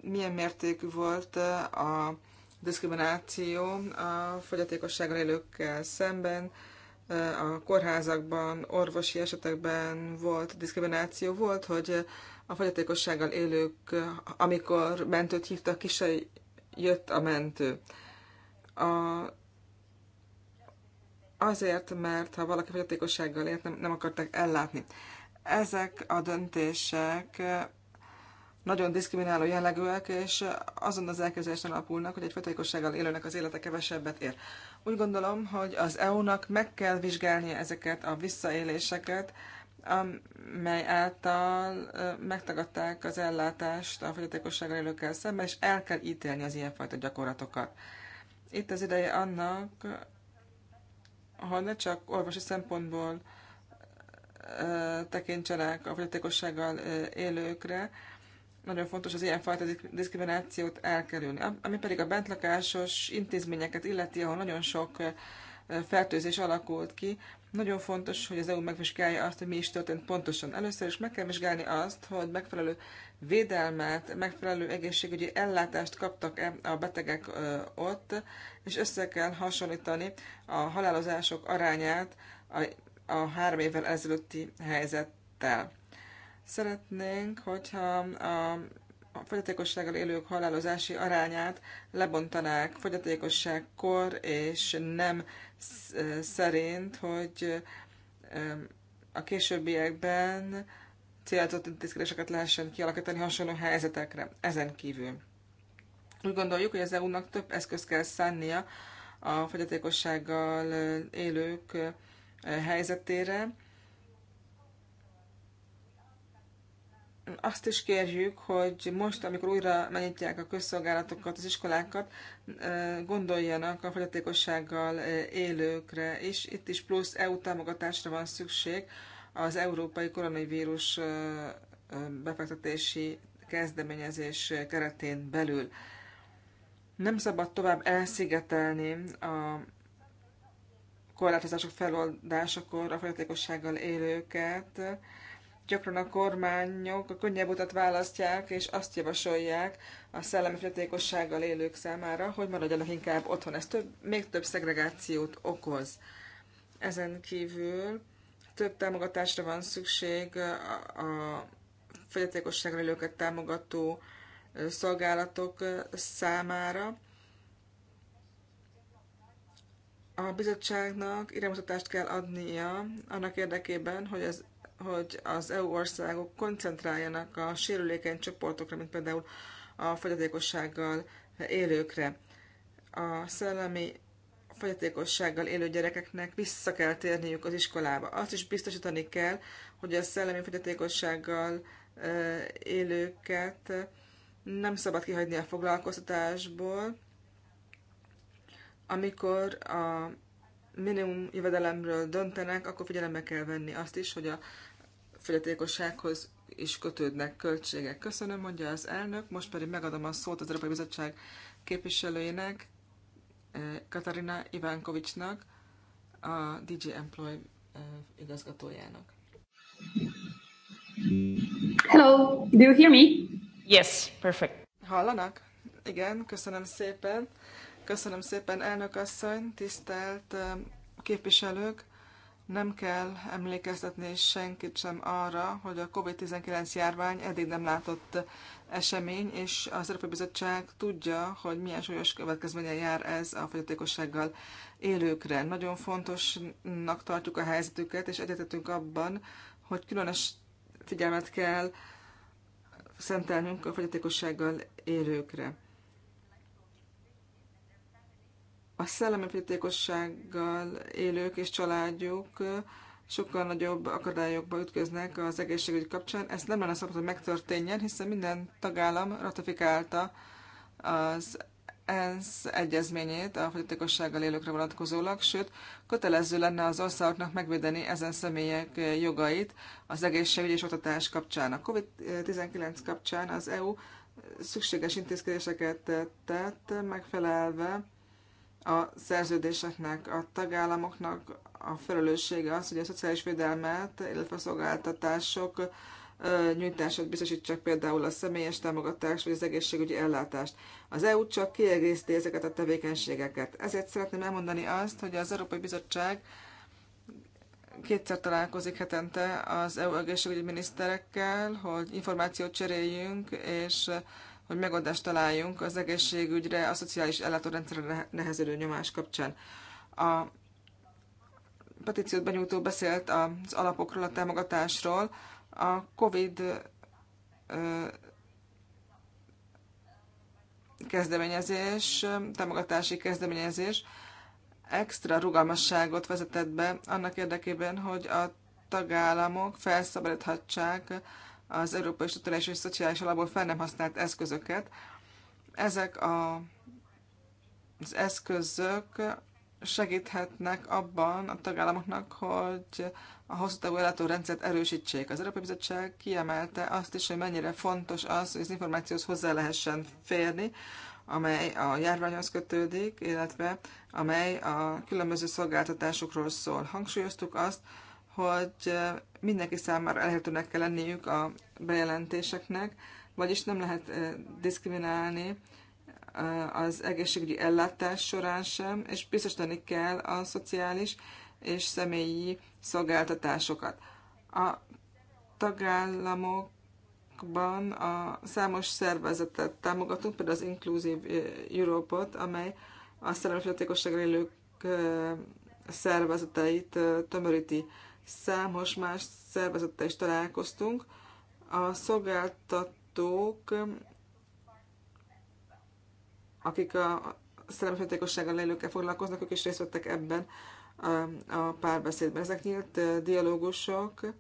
milyen mértékű volt a diszkrimináció a fogyatékossággal élőkkel szemben, a kórházakban, orvosi esetekben volt diszkrimináció, volt, hogy a fogyatékossággal élők, amikor mentőt hívtak, ki se jött a mentő. A, azért, mert ha valaki fogyatékossággal élt, nem, nem akarták ellátni. Ezek a döntések nagyon diszkrimináló jellegűek, és azon az elképzelésen alapulnak, hogy egy fogyatékossággal élőnek az élete kevesebbet ér. Úgy gondolom, hogy az EU-nak meg kell vizsgálnia ezeket a visszaéléseket, amely által megtagadták az ellátást a fogyatékossággal élőkkel szemben, és el kell ítélni az ilyenfajta gyakorlatokat. Itt az ideje annak, ha ne csak orvosi szempontból tekintsenek a fogyatékossággal élőkre, nagyon fontos az ilyenfajta diszkriminációt elkerülni. Ami pedig a bentlakásos intézményeket illeti, ahol nagyon sok fertőzés alakult ki, nagyon fontos, hogy az EU megvizsgálja azt, hogy mi is történt pontosan. Először is meg kell vizsgálni azt, hogy megfelelő védelmet, megfelelő egészségügyi ellátást kaptak-e a betegek ott, és össze kell hasonlítani a halálozások arányát a, a három évvel ezelőtti helyzettel. Szeretnénk, hogyha a a fogyatékossággal élők halálozási arányát lebontanák fogyatékosságkor és nem szerint, hogy a későbbiekben célzott intézkedéseket lehessen kialakítani hasonló helyzetekre ezen kívül. Úgy gondoljuk, hogy az EU-nak több eszköz kell szánnia a fogyatékossággal élők helyzetére, azt is kérjük, hogy most, amikor újra megnyitják a közszolgálatokat, az iskolákat, gondoljanak a fogyatékossággal élőkre, és itt is plusz EU támogatásra van szükség az európai koronavírus befektetési kezdeményezés keretén belül. Nem szabad tovább elszigetelni a korlátozások feloldásakor a fogyatékossággal élőket, gyakran a kormányok a könnyebb utat választják, és azt javasolják a szellemi fogyatékossággal élők számára, hogy maradjanak inkább otthon. Ez több, még több szegregációt okoz. Ezen kívül több támogatásra van szükség a, a fogyatékossággal élőket támogató szolgálatok számára. A bizottságnak iránymutatást kell adnia annak érdekében, hogy az hogy az EU országok koncentráljanak a sérülékeny csoportokra, mint például a fogyatékossággal élőkre. A szellemi fogyatékossággal élő gyerekeknek vissza kell térniük az iskolába. Azt is biztosítani kell, hogy a szellemi fogyatékossággal élőket nem szabad kihagyni a foglalkoztatásból, amikor a minimum jövedelemről döntenek, akkor figyelembe kell venni azt is, hogy a fogyatékossághoz is kötődnek költségek. Köszönöm, mondja az elnök, most pedig megadom a szót az Európai Bizottság képviselőjének, eh, Katarina Ivánkovicsnak, a DJ Employ eh, igazgatójának. Hello, do you hear me? Yes, perfect. Hallanak? Igen, köszönöm szépen. Köszönöm szépen, elnök asszony, tisztelt eh, képviselők. Nem kell emlékeztetni senkit sem arra, hogy a COVID-19 járvány eddig nem látott esemény, és az Európai Bizottság tudja, hogy milyen súlyos következménye jár ez a fogyatékossággal élőkre. Nagyon fontosnak tartjuk a helyzetüket, és egyetetünk abban, hogy különös figyelmet kell szentelnünk a fogyatékossággal élőkre. a szellemi fogyatékossággal élők és családjuk sokkal nagyobb akadályokba ütköznek az egészségügy kapcsán. Ezt nem lenne szabad, hogy megtörténjen, hiszen minden tagállam ratifikálta az ENSZ egyezményét a fogyatékossággal élőkre vonatkozólag, sőt, kötelező lenne az országoknak megvédeni ezen személyek jogait az egészségügy és oktatás kapcsán. A COVID-19 kapcsán az EU szükséges intézkedéseket tett, megfelelve a szerződéseknek, a tagállamoknak a felelőssége az, hogy a szociális védelmet, illetve a szolgáltatások nyújtását biztosítsák például a személyes támogatás vagy az egészségügyi ellátást. Az EU csak kiegészíti ezeket a tevékenységeket. Ezért szeretném elmondani azt, hogy az Európai Bizottság kétszer találkozik hetente az EU egészségügyi miniszterekkel, hogy információt cseréljünk, és hogy megoldást találjunk az egészségügyre, a szociális ellátórendszerre nehezedő nyomás kapcsán. A petíciót benyújtó beszélt az alapokról, a támogatásról. A COVID kezdeményezés, támogatási kezdeményezés extra rugalmasságot vezetett be annak érdekében, hogy a tagállamok felszabadíthatsák az Európai Struktúrális és Szociális Alapból fel nem használt eszközöket. Ezek a, az eszközök segíthetnek abban a tagállamoknak, hogy a hosszú távú ellátórendszert erősítsék. Az Európai Bizottság kiemelte azt is, hogy mennyire fontos az, hogy az információhoz hozzá lehessen férni, amely a járványhoz kötődik, illetve amely a különböző szolgáltatásokról szól. Hangsúlyoztuk azt, hogy mindenki számára elérhetőnek kell lenniük a bejelentéseknek, vagyis nem lehet diszkriminálni az egészségügyi ellátás során sem, és biztosítani kell a szociális és személyi szolgáltatásokat. A tagállamokban a számos szervezetet támogatunk, például az Inclusive Europe-ot, amely a szellemi élők szervezeteit tömöríti számos más szervezettel is találkoztunk. A szolgáltatók, akik a szellemféltékossággal élőkkel foglalkoznak, ők is részt vettek ebben um, a párbeszédben. Ezek nyílt uh, dialógusok.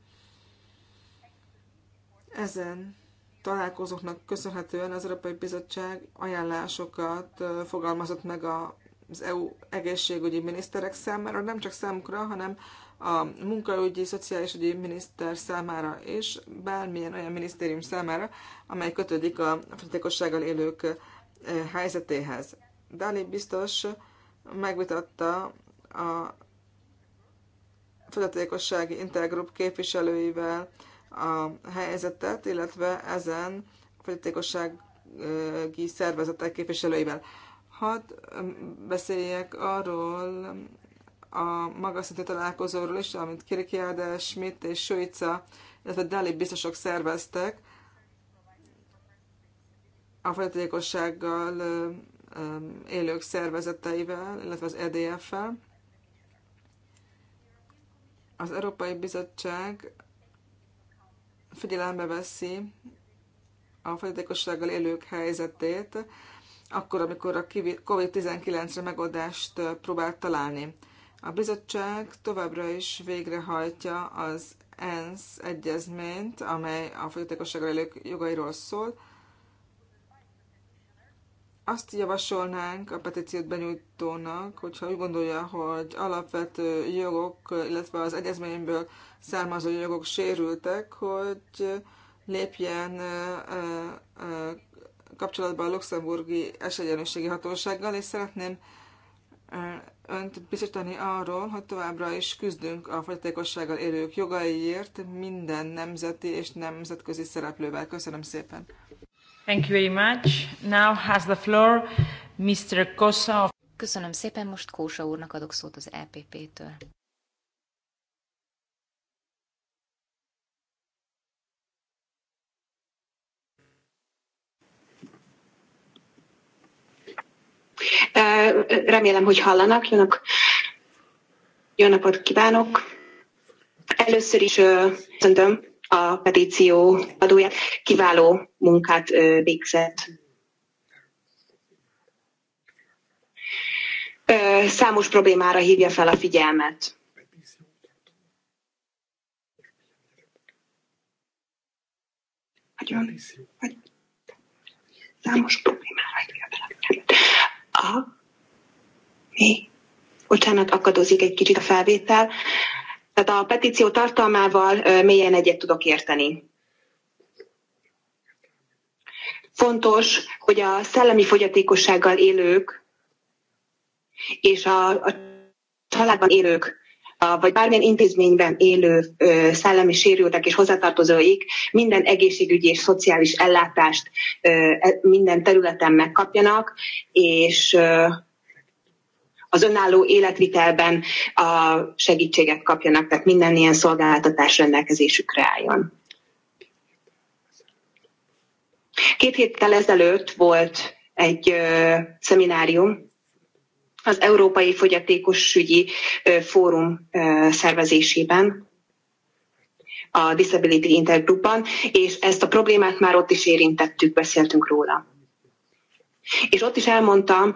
Ezen találkozóknak köszönhetően az Európai Bizottság ajánlásokat uh, fogalmazott meg az EU egészségügyi miniszterek számára, nem csak számukra, hanem a munkaügyi, szociális ügyi miniszter számára és bármilyen olyan minisztérium számára, amely kötődik a fogyatékossággal élők eh, helyzetéhez. Dali biztos megvitatta a fogyatékossági intergrup képviselőivel a helyzetet, illetve ezen a fogyatékossági szervezetek képviselőivel. Hadd mm, beszéljek arról, a magas szintű találkozóról is, amit Kirikiáde, Schmidt és Suica, illetve Dali biztosok szerveztek a fogyatékossággal élők szervezeteivel, illetve az EDF-fel. Az Európai Bizottság figyelembe veszi a fogyatékossággal élők helyzetét, akkor, amikor a COVID-19-re megoldást próbált találni. A bizottság továbbra is végrehajtja az ENSZ egyezményt, amely a fogyatékossággal élők jogairól szól. Azt javasolnánk a petíciót benyújtónak, hogyha úgy gondolja, hogy alapvető jogok, illetve az egyezményből származó jogok sérültek, hogy lépjen kapcsolatban a luxemburgi esegyenlőségi hatósággal, és szeretném önt biztosítani arról, hogy továbbra is küzdünk a fogyatékossággal élők jogaiért minden nemzeti és nemzetközi szereplővel. Köszönöm szépen. Thank you very much. Now has the floor Mr. Kosa. Köszönöm szépen, most Kósa úrnak adok szót az EPP-től. Remélem, hogy hallanak. Jó, nap, jó napot kívánok! Először is köszöntöm a petíció adóját. Kiváló munkát végzett. Számos problémára hívja fel a figyelmet. Hagyom. Számos problémára Hey, bocsánat, akadozik egy kicsit a felvétel. Tehát a petíció tartalmával mélyen egyet tudok érteni. Fontos, hogy a szellemi fogyatékossággal élők és a, a családban élők, a, vagy bármilyen intézményben élő ö, szellemi sérültek és hozzátartozóik minden egészségügyi és szociális ellátást ö, e, minden területen megkapjanak, és ö, az önálló életvitelben a segítséget kapjanak, tehát minden ilyen szolgáltatás rendelkezésükre álljon. Két héttel ezelőtt volt egy ö, szeminárium az Európai Fogyatékosügyi ö, Fórum ö, szervezésében, a Disability Intergroupban, és ezt a problémát már ott is érintettük, beszéltünk róla. És ott is elmondtam,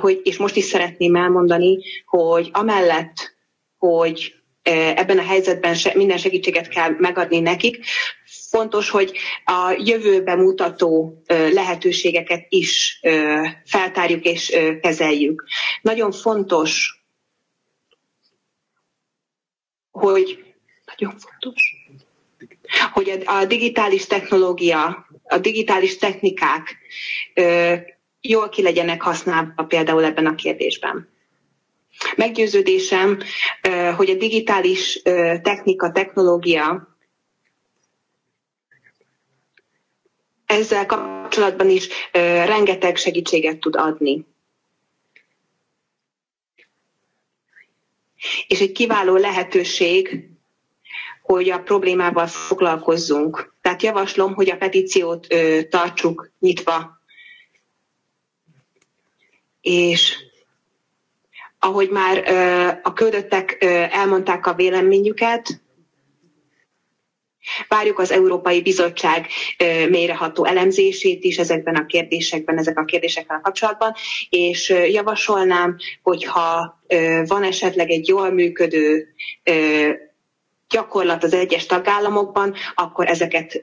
hogy, és most is szeretném elmondani, hogy amellett, hogy e, ebben a helyzetben minden segítséget kell megadni nekik, fontos, hogy a jövőbe mutató e, lehetőségeket is e, feltárjuk és kezeljük. Nagyon fontos, hogy nagyon fontos, hogy a digitális technológia, a digitális technikák jól ki legyenek használva például ebben a kérdésben. Meggyőződésem, hogy a digitális technika, technológia ezzel kapcsolatban is rengeteg segítséget tud adni. És egy kiváló lehetőség, hogy a problémával foglalkozzunk. Tehát javaslom, hogy a petíciót tartsuk nyitva és ahogy már a küldöttek elmondták a véleményüket, Várjuk az Európai Bizottság mélyreható elemzését is ezekben a kérdésekben, ezek a kérdésekkel kapcsolatban, és javasolnám, hogyha van esetleg egy jól működő gyakorlat az egyes tagállamokban, akkor ezeket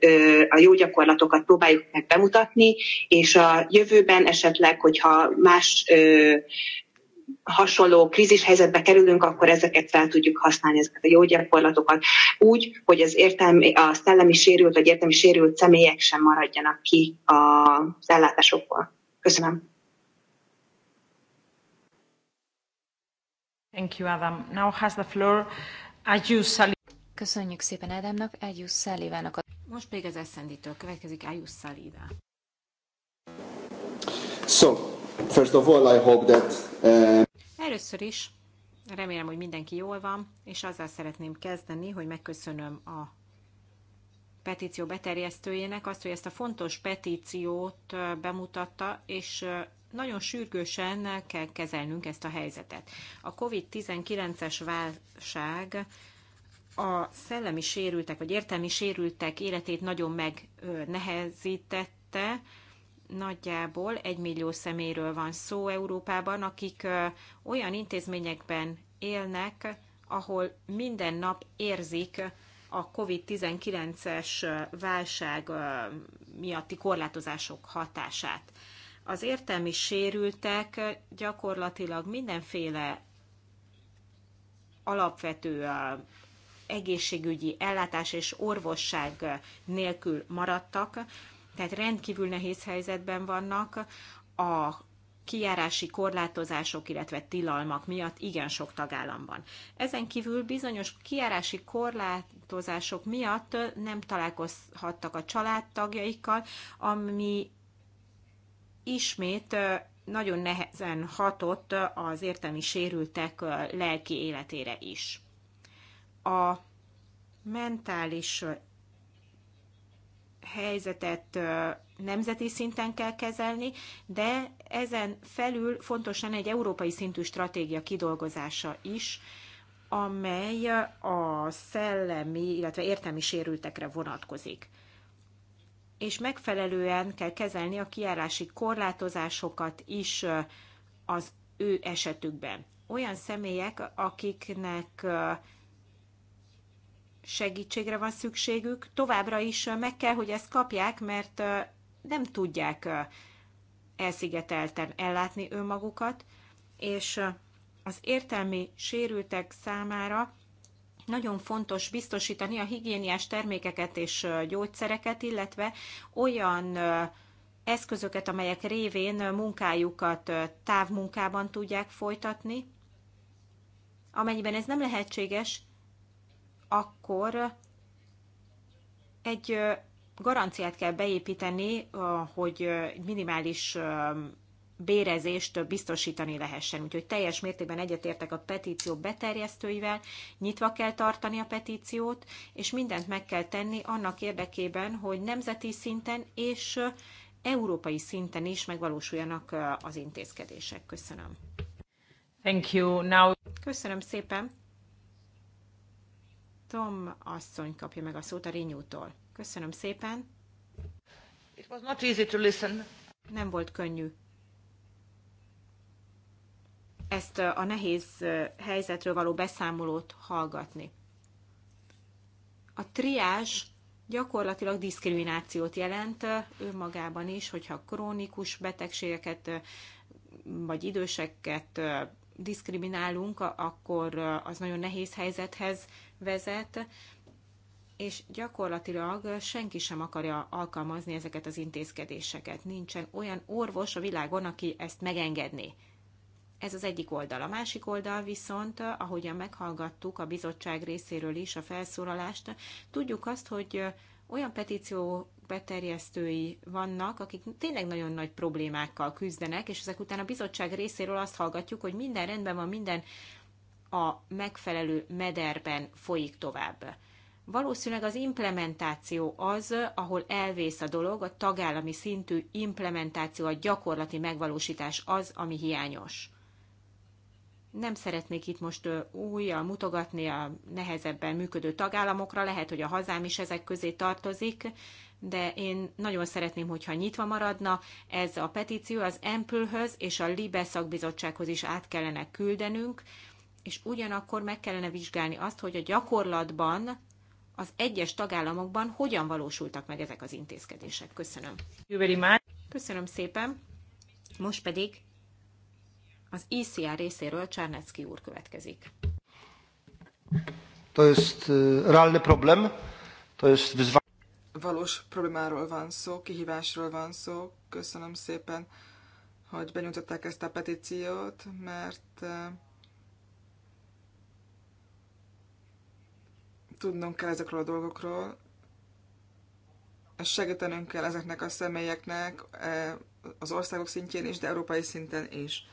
a jó gyakorlatokat próbáljuk meg bemutatni, és a jövőben esetleg, hogyha más hasonló krízis helyzetbe kerülünk, akkor ezeket fel tudjuk használni, ezeket a jó gyakorlatokat úgy, hogy az értelmi, a szellemi sérült vagy értelmi sérült személyek sem maradjanak ki az ellátásokból. Köszönöm. Thank you, Adam. Now has the floor Ayu Salim. Köszönjük szépen Ádámnak, Ágyus Szálivának. Most pedig az Eszenditől következik Ágyus Szálivá. So, first of all, I hope that... Uh... Először is remélem, hogy mindenki jól van, és azzal szeretném kezdeni, hogy megköszönöm a petíció beterjesztőjének azt, hogy ezt a fontos petíciót uh, bemutatta, és uh, nagyon sürgősen kell kezelnünk ezt a helyzetet. A COVID-19-es válság a szellemi sérültek, vagy értelmi sérültek életét nagyon megnehezítette. Nagyjából egy millió szeméről van szó Európában, akik olyan intézményekben élnek, ahol minden nap érzik a COVID-19-es válság miatti korlátozások hatását. Az értelmi sérültek gyakorlatilag mindenféle alapvető egészségügyi ellátás és orvosság nélkül maradtak, tehát rendkívül nehéz helyzetben vannak. A kijárási korlátozások, illetve tilalmak miatt igen sok tagállamban. Ezen kívül bizonyos kijárási korlátozások miatt nem találkozhattak a családtagjaikkal, ami ismét nagyon nehezen hatott az értelmi sérültek lelki életére is a mentális helyzetet nemzeti szinten kell kezelni, de ezen felül fontos lenne egy európai szintű stratégia kidolgozása is, amely a szellemi, illetve értelmi sérültekre vonatkozik. És megfelelően kell kezelni a kiárási korlátozásokat is az ő esetükben. Olyan személyek, akiknek segítségre van szükségük, továbbra is meg kell, hogy ezt kapják, mert nem tudják elszigetelten ellátni önmagukat, és az értelmi sérültek számára nagyon fontos biztosítani a higiéniás termékeket és gyógyszereket, illetve olyan eszközöket, amelyek révén munkájukat távmunkában tudják folytatni. Amennyiben ez nem lehetséges, akkor egy garanciát kell beépíteni, hogy minimális bérezést biztosítani lehessen. Úgyhogy teljes mértékben egyetértek a petíció beterjesztőivel, nyitva kell tartani a petíciót, és mindent meg kell tenni annak érdekében, hogy nemzeti szinten és európai szinten is megvalósuljanak az intézkedések. Köszönöm. Thank you. Now... Köszönöm szépen. Tom asszony kapja meg a szót a Rinyútól. Köszönöm szépen. It was not easy to listen. Nem volt könnyű ezt uh, a nehéz uh, helyzetről való beszámolót hallgatni. A triás gyakorlatilag diszkriminációt jelent uh, önmagában is, hogyha krónikus betegségeket vagy időseket diszkriminálunk, akkor az nagyon nehéz helyzethez vezet, és gyakorlatilag senki sem akarja alkalmazni ezeket az intézkedéseket. Nincsen olyan orvos a világon, aki ezt megengedné. Ez az egyik oldal. A másik oldal viszont, ahogyan meghallgattuk a bizottság részéről is a felszólalást, tudjuk azt, hogy olyan petíció beterjesztői vannak, akik tényleg nagyon nagy problémákkal küzdenek, és ezek után a bizottság részéről azt hallgatjuk, hogy minden rendben van, minden a megfelelő mederben folyik tovább. Valószínűleg az implementáció az, ahol elvész a dolog, a tagállami szintű implementáció, a gyakorlati megvalósítás az, ami hiányos. Nem szeretnék itt most újra mutogatni a nehezebben működő tagállamokra, lehet, hogy a hazám is ezek közé tartozik, de én nagyon szeretném, hogyha nyitva maradna. Ez a petíció az Empülhöz és a Libe szakbizottsághoz is át kellene küldenünk, és ugyanakkor meg kellene vizsgálni azt, hogy a gyakorlatban az egyes tagállamokban hogyan valósultak meg ezek az intézkedések. Köszönöm. Köszönöm szépen. Most pedig az ICR részéről Csárnecki úr következik. To jest e, realny problem, to jest wyzwanie valós problémáról van szó, kihívásról van szó. Köszönöm szépen, hogy benyújtották ezt a petíciót, mert eh, tudnunk kell ezekről a dolgokról, és segítenünk kell ezeknek a személyeknek eh, az országok szintjén is, de európai szinten is.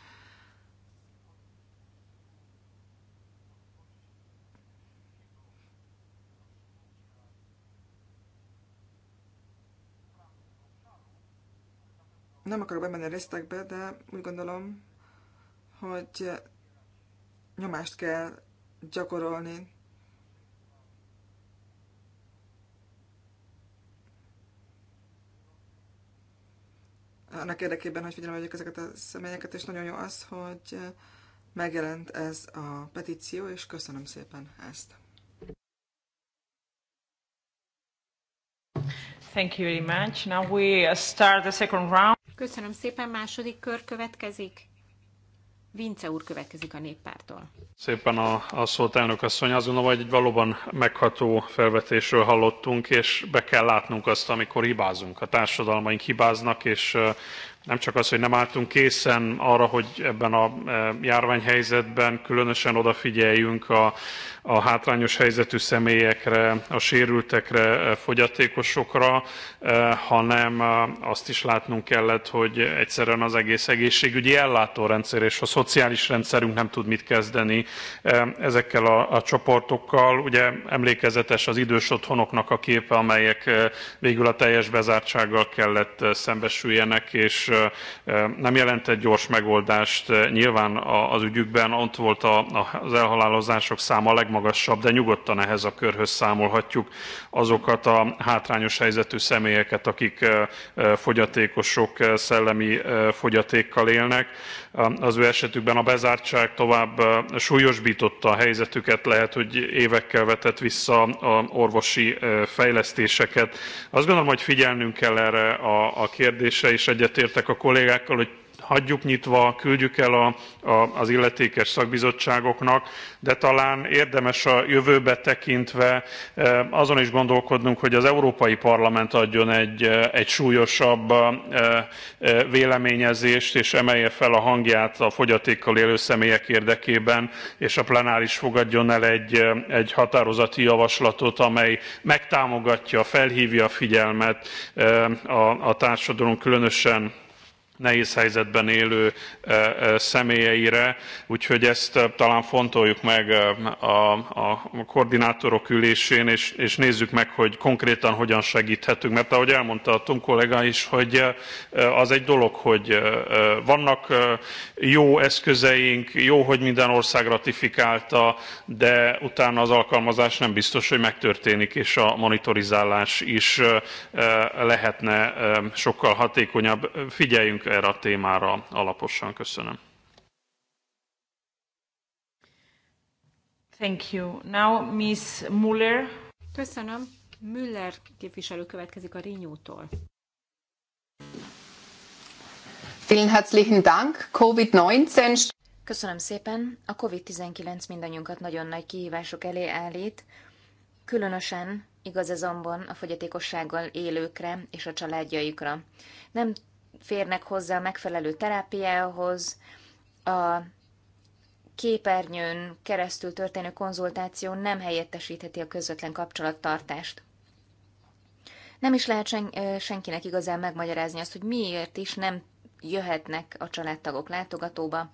Nem akarok bemenni a részletekbe, de úgy gondolom, hogy nyomást kell gyakorolni annak érdekében, hogy figyelembe vegyük ezeket a személyeket, és nagyon jó az, hogy megjelent ez a petíció, és köszönöm szépen ezt. Thank you very much. Now we start the second round. Köszönöm szépen, második kör következik. Vince úr következik a néppártól. Szépen a, a szót, elnök asszony. Azt gondolom, hogy egy valóban megható felvetésről hallottunk, és be kell látnunk azt, amikor hibázunk. A társadalmaink hibáznak, és nem csak az, hogy nem álltunk készen arra, hogy ebben a e, járványhelyzetben különösen odafigyeljünk a, a hátrányos helyzetű személyekre, a sérültekre, e, fogyatékosokra, e, hanem azt is látnunk kellett, hogy egyszerűen az egész egészségügyi ellátórendszer és a szociális rendszerünk nem tud mit kezdeni ezekkel a, a csoportokkal. Ugye emlékezetes az idős otthonoknak a képe, amelyek végül a teljes bezártsággal kellett szembesüljenek, és nem jelentett gyors megoldást. Nyilván az ügyükben ott volt az elhalálozások száma a legmagasabb, de nyugodtan ehhez a körhöz számolhatjuk azokat a hátrányos helyzetű személyeket, akik fogyatékosok, szellemi fogyatékkal élnek. Az ő esetükben a bezártság tovább súlyosbította a helyzetüket, lehet, hogy évekkel vetett vissza a orvosi fejlesztéseket. Azt gondolom, hogy figyelnünk kell erre a, a kérdésre, és egyetértek egyetértek a kollégákkal, hogy hagyjuk nyitva, küldjük el a, a, az illetékes szakbizottságoknak, de talán érdemes a jövőbe tekintve eh, azon is gondolkodnunk, hogy az Európai Parlament adjon egy, eh, egy súlyosabb eh, véleményezést, és emelje fel a hangját a fogyatékkal élő személyek érdekében, és a plenáris fogadjon el egy, egy határozati javaslatot, amely megtámogatja, felhívja a figyelmet a, a társadalom különösen nehéz helyzetben élő személyeire, úgyhogy ezt talán fontoljuk meg a, a koordinátorok ülésén, és, és nézzük meg, hogy konkrétan hogyan segíthetünk. Mert ahogy elmondta a Tom kollega is, hogy az egy dolog, hogy vannak jó eszközeink, jó, hogy minden ország ratifikálta, de utána az alkalmazás nem biztos, hogy megtörténik, és a monitorizálás is lehetne sokkal hatékonyabb. Figyeljünk erre a témára alaposan. Köszönöm. Thank you. Now Miss Müller. Köszönöm. Müller képviselő következik a Rényótól. Vielen herzlichen Dank. COVID-19. Köszönöm szépen. A COVID-19 mindannyiunkat nagyon nagy kihívások elé állít. Különösen igaz ez azonban a fogyatékossággal élőkre és a családjaikra. Nem férnek hozzá a megfelelő terápiához, a képernyőn keresztül történő konzultáció nem helyettesítheti a közvetlen kapcsolattartást. Nem is lehet sen- senkinek igazán megmagyarázni azt, hogy miért is nem jöhetnek a családtagok látogatóba.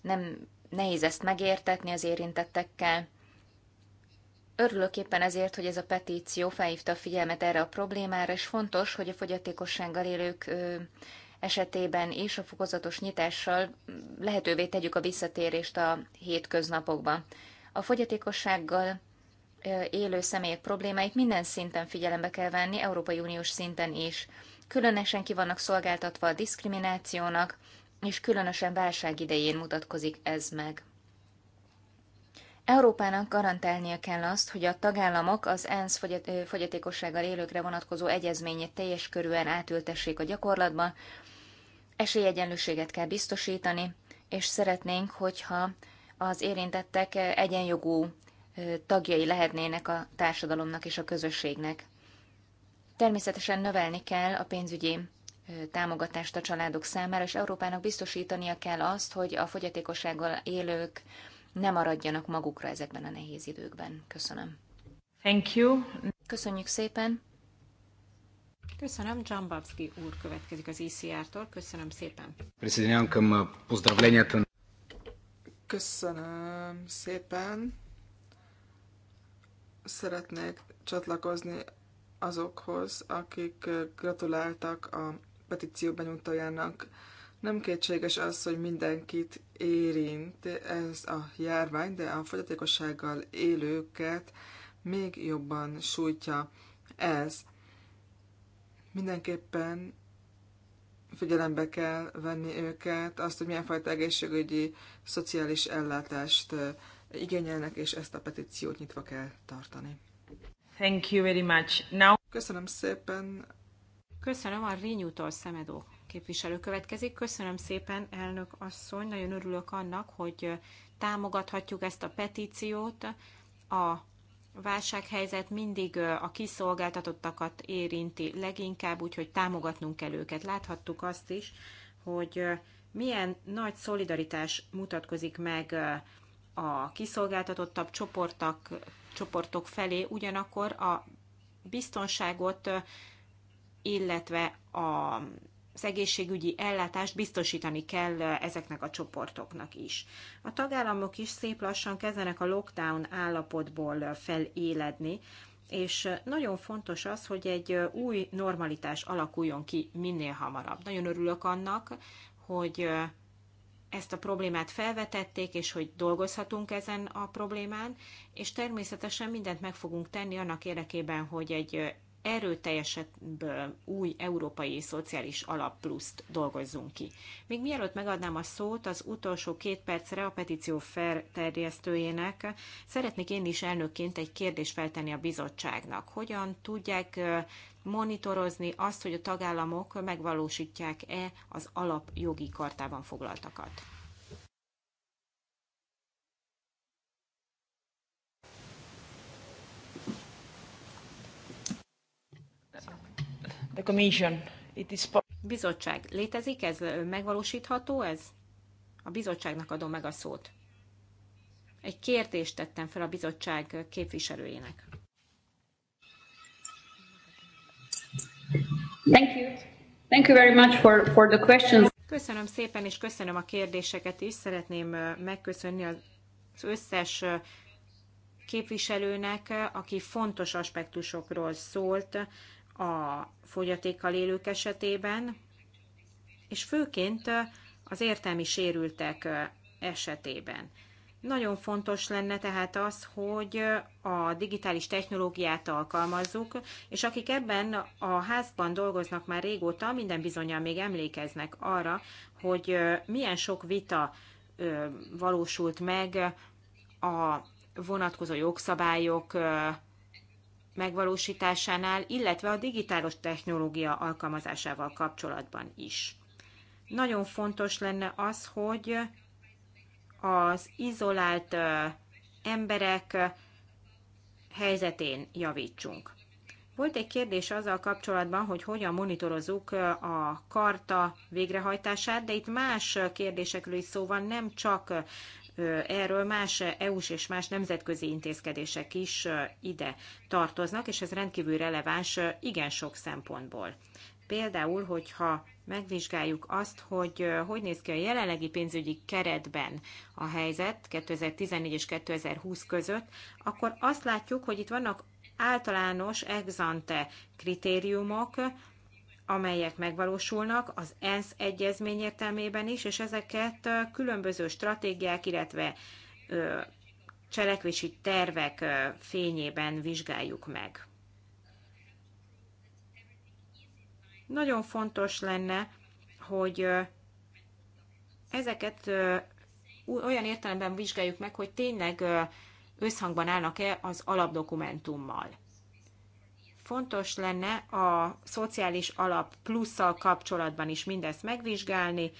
Nem nehéz ezt megértetni az érintettekkel. Örülök éppen ezért, hogy ez a petíció felhívta a figyelmet erre a problémára, és fontos, hogy a fogyatékossággal élők esetében is a fokozatos nyitással lehetővé tegyük a visszatérést a hétköznapokba. A fogyatékossággal élő személyek problémáit minden szinten figyelembe kell venni, Európai Uniós szinten is. Különösen ki vannak szolgáltatva a diszkriminációnak, és különösen válság idején mutatkozik ez meg. Európának garantálnia kell azt, hogy a tagállamok az ENSZ fogyatékossággal élőkre vonatkozó egyezményét teljes körűen átültessék a gyakorlatba, esélyegyenlőséget kell biztosítani, és szeretnénk, hogyha az érintettek egyenjogú tagjai lehetnének a társadalomnak és a közösségnek. Természetesen növelni kell a pénzügyi támogatást a családok számára, és Európának biztosítania kell azt, hogy a fogyatékossággal élők ne maradjanak magukra ezekben a nehéz időkben. Köszönöm. Thank you. Köszönjük szépen. Köszönöm, Dzsambavszki úr következik az ICR-tól. E Köszönöm szépen. Prisidenjam pozdravlenyet. Köszönöm szépen. Szeretnék csatlakozni azokhoz, akik gratuláltak a petíció benyújtójának. Nem kétséges az, hogy mindenkit érint ez a járvány, de a fogyatékossággal élőket még jobban sújtja ez. Mindenképpen figyelembe kell venni őket, azt, hogy milyen fajta egészségügyi, szociális ellátást igényelnek, és ezt a petíciót nyitva kell tartani. Thank you very much. Now... Köszönöm szépen. Köszönöm a Rényútól Szemedó képviselő következik. Köszönöm szépen, elnök asszony, nagyon örülök annak, hogy támogathatjuk ezt a petíciót. A válsághelyzet mindig a kiszolgáltatottakat érinti leginkább, úgyhogy támogatnunk kell őket. Láthattuk azt is, hogy milyen nagy szolidaritás mutatkozik meg a kiszolgáltatottabb csoportok, csoportok felé, ugyanakkor a biztonságot, illetve a az egészségügyi ellátást biztosítani kell ezeknek a csoportoknak is. A tagállamok is szép lassan kezdenek a lockdown állapotból feléledni, és nagyon fontos az, hogy egy új normalitás alakuljon ki minél hamarabb. Nagyon örülök annak, hogy ezt a problémát felvetették, és hogy dolgozhatunk ezen a problémán, és természetesen mindent meg fogunk tenni annak érdekében, hogy egy erőteljesebb új európai szociális alap pluszt dolgozzunk ki. Még mielőtt megadnám a szót az utolsó két percre a petíció felterjesztőjének, szeretnék én is elnökként egy kérdést feltenni a bizottságnak. Hogyan tudják monitorozni azt, hogy a tagállamok megvalósítják-e az alapjogi kartában foglaltakat? The Commission, it is Bizottság, létezik ez? Megvalósítható ez? A bizottságnak adom meg a szót. Egy kérdést tettem fel a bizottság képviselőjének. Thank you. Thank you very much for, for the questions. Köszönöm szépen, és köszönöm a kérdéseket is. Szeretném megköszönni az összes képviselőnek, aki fontos aspektusokról szólt a fogyatékkal élők esetében, és főként az értelmi sérültek esetében. Nagyon fontos lenne tehát az, hogy a digitális technológiát alkalmazzuk, és akik ebben a házban dolgoznak már régóta, minden bizonyal még emlékeznek arra, hogy milyen sok vita valósult meg a vonatkozó jogszabályok megvalósításánál, illetve a digitális technológia alkalmazásával kapcsolatban is. Nagyon fontos lenne az, hogy az izolált emberek helyzetén javítsunk. Volt egy kérdés azzal kapcsolatban, hogy hogyan monitorozzuk a karta végrehajtását, de itt más kérdésekről is szó van, nem csak erről más EU-s és más nemzetközi intézkedések is ide tartoznak, és ez rendkívül releváns igen sok szempontból. Például, hogyha megvizsgáljuk azt, hogy hogy néz ki a jelenlegi pénzügyi keretben a helyzet 2014 és 2020 között, akkor azt látjuk, hogy itt vannak általános exante kritériumok, amelyek megvalósulnak az ENSZ egyezmény értelmében is, és ezeket különböző stratégiák, illetve cselekvési tervek fényében vizsgáljuk meg. Nagyon fontos lenne, hogy ezeket olyan értelemben vizsgáljuk meg, hogy tényleg összhangban állnak-e az alapdokumentummal. Fontos lenne a szociális alap plusszal kapcsolatban is mindezt megvizsgálni,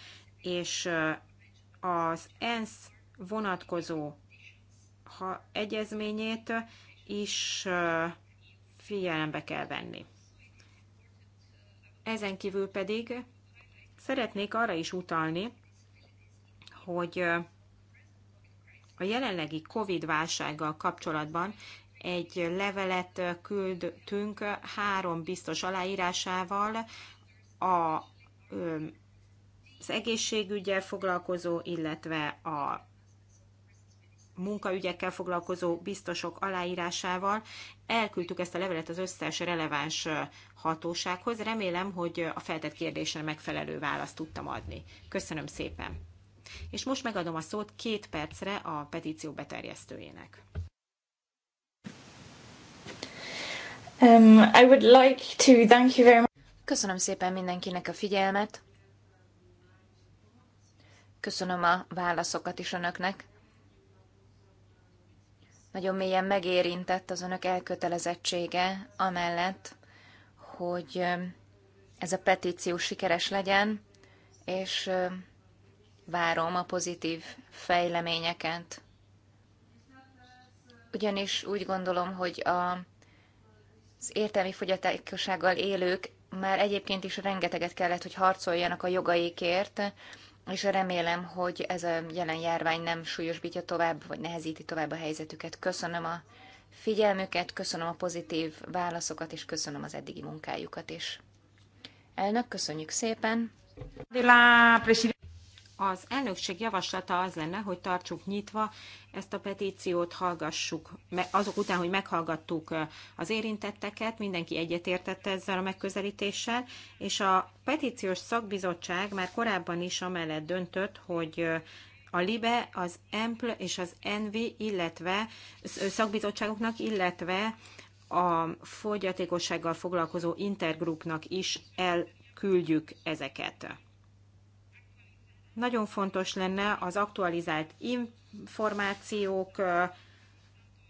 és az ENSZ vonatkozó ha egyezményét is figyelembe kell venni. Ezen kívül pedig szeretnék arra is utalni, hogy a jelenlegi COVID válsággal kapcsolatban egy levelet küldtünk három biztos aláírásával a, az egészségügyel foglalkozó, illetve a munkaügyekkel foglalkozó biztosok aláírásával. Elküldtük ezt a levelet az összes releváns hatósághoz. Remélem, hogy a feltett kérdésre megfelelő választ tudtam adni. Köszönöm szépen! És most megadom a szót két percre a petíció beterjesztőjének. Um, I would like to thank you very much. Köszönöm szépen mindenkinek a figyelmet. Köszönöm a válaszokat is önöknek. Nagyon mélyen megérintett az önök elkötelezettsége amellett, hogy um, ez a petíció sikeres legyen, és um, várom a pozitív fejleményeket. Ugyanis úgy gondolom, hogy a értelmi fogyatékossággal élők már egyébként is rengeteget kellett, hogy harcoljanak a jogaikért, és remélem, hogy ez a jelen járvány nem súlyosbítja tovább, vagy nehezíti tovább a helyzetüket. Köszönöm a figyelmüket, köszönöm a pozitív válaszokat, és köszönöm az eddigi munkájukat is. Elnök, köszönjük szépen! az elnökség javaslata az lenne, hogy tartsuk nyitva ezt a petíciót, hallgassuk, azok után, hogy meghallgattuk az érintetteket, mindenki egyetértette ezzel a megközelítéssel, és a petíciós szakbizottság már korábban is amellett döntött, hogy a LIBE, az EMPL és az ENVI, illetve szakbizottságoknak, illetve a fogyatékossággal foglalkozó intergrupnak is elküldjük ezeket. Nagyon fontos lenne az aktualizált információk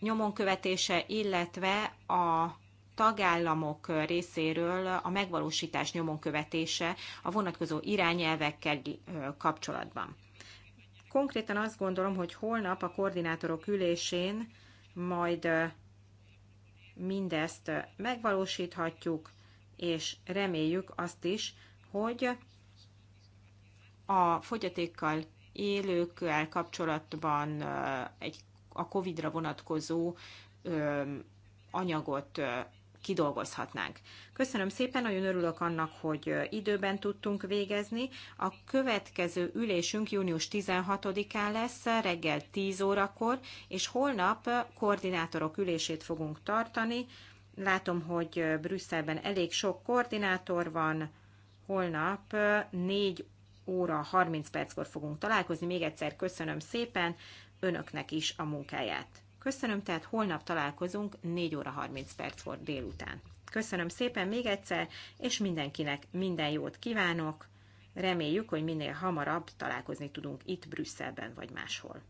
nyomon követése, illetve a tagállamok részéről a megvalósítás nyomon követése a vonatkozó irányelvekkel kapcsolatban. Konkrétan azt gondolom, hogy holnap a koordinátorok ülésén majd mindezt megvalósíthatjuk, és reméljük azt is, hogy a fogyatékkal élőkkel kapcsolatban egy, a COVID-ra vonatkozó anyagot kidolgozhatnánk. Köszönöm szépen, nagyon örülök annak, hogy időben tudtunk végezni. A következő ülésünk június 16-án lesz, reggel 10 órakor, és holnap koordinátorok ülését fogunk tartani. Látom, hogy Brüsszelben elég sok koordinátor van, holnap 4 óra 30 perckor fogunk találkozni. Még egyszer köszönöm szépen önöknek is a munkáját. Köszönöm, tehát holnap találkozunk 4 óra 30 perckor délután. Köszönöm szépen még egyszer, és mindenkinek minden jót kívánok. Reméljük, hogy minél hamarabb találkozni tudunk itt Brüsszelben vagy máshol.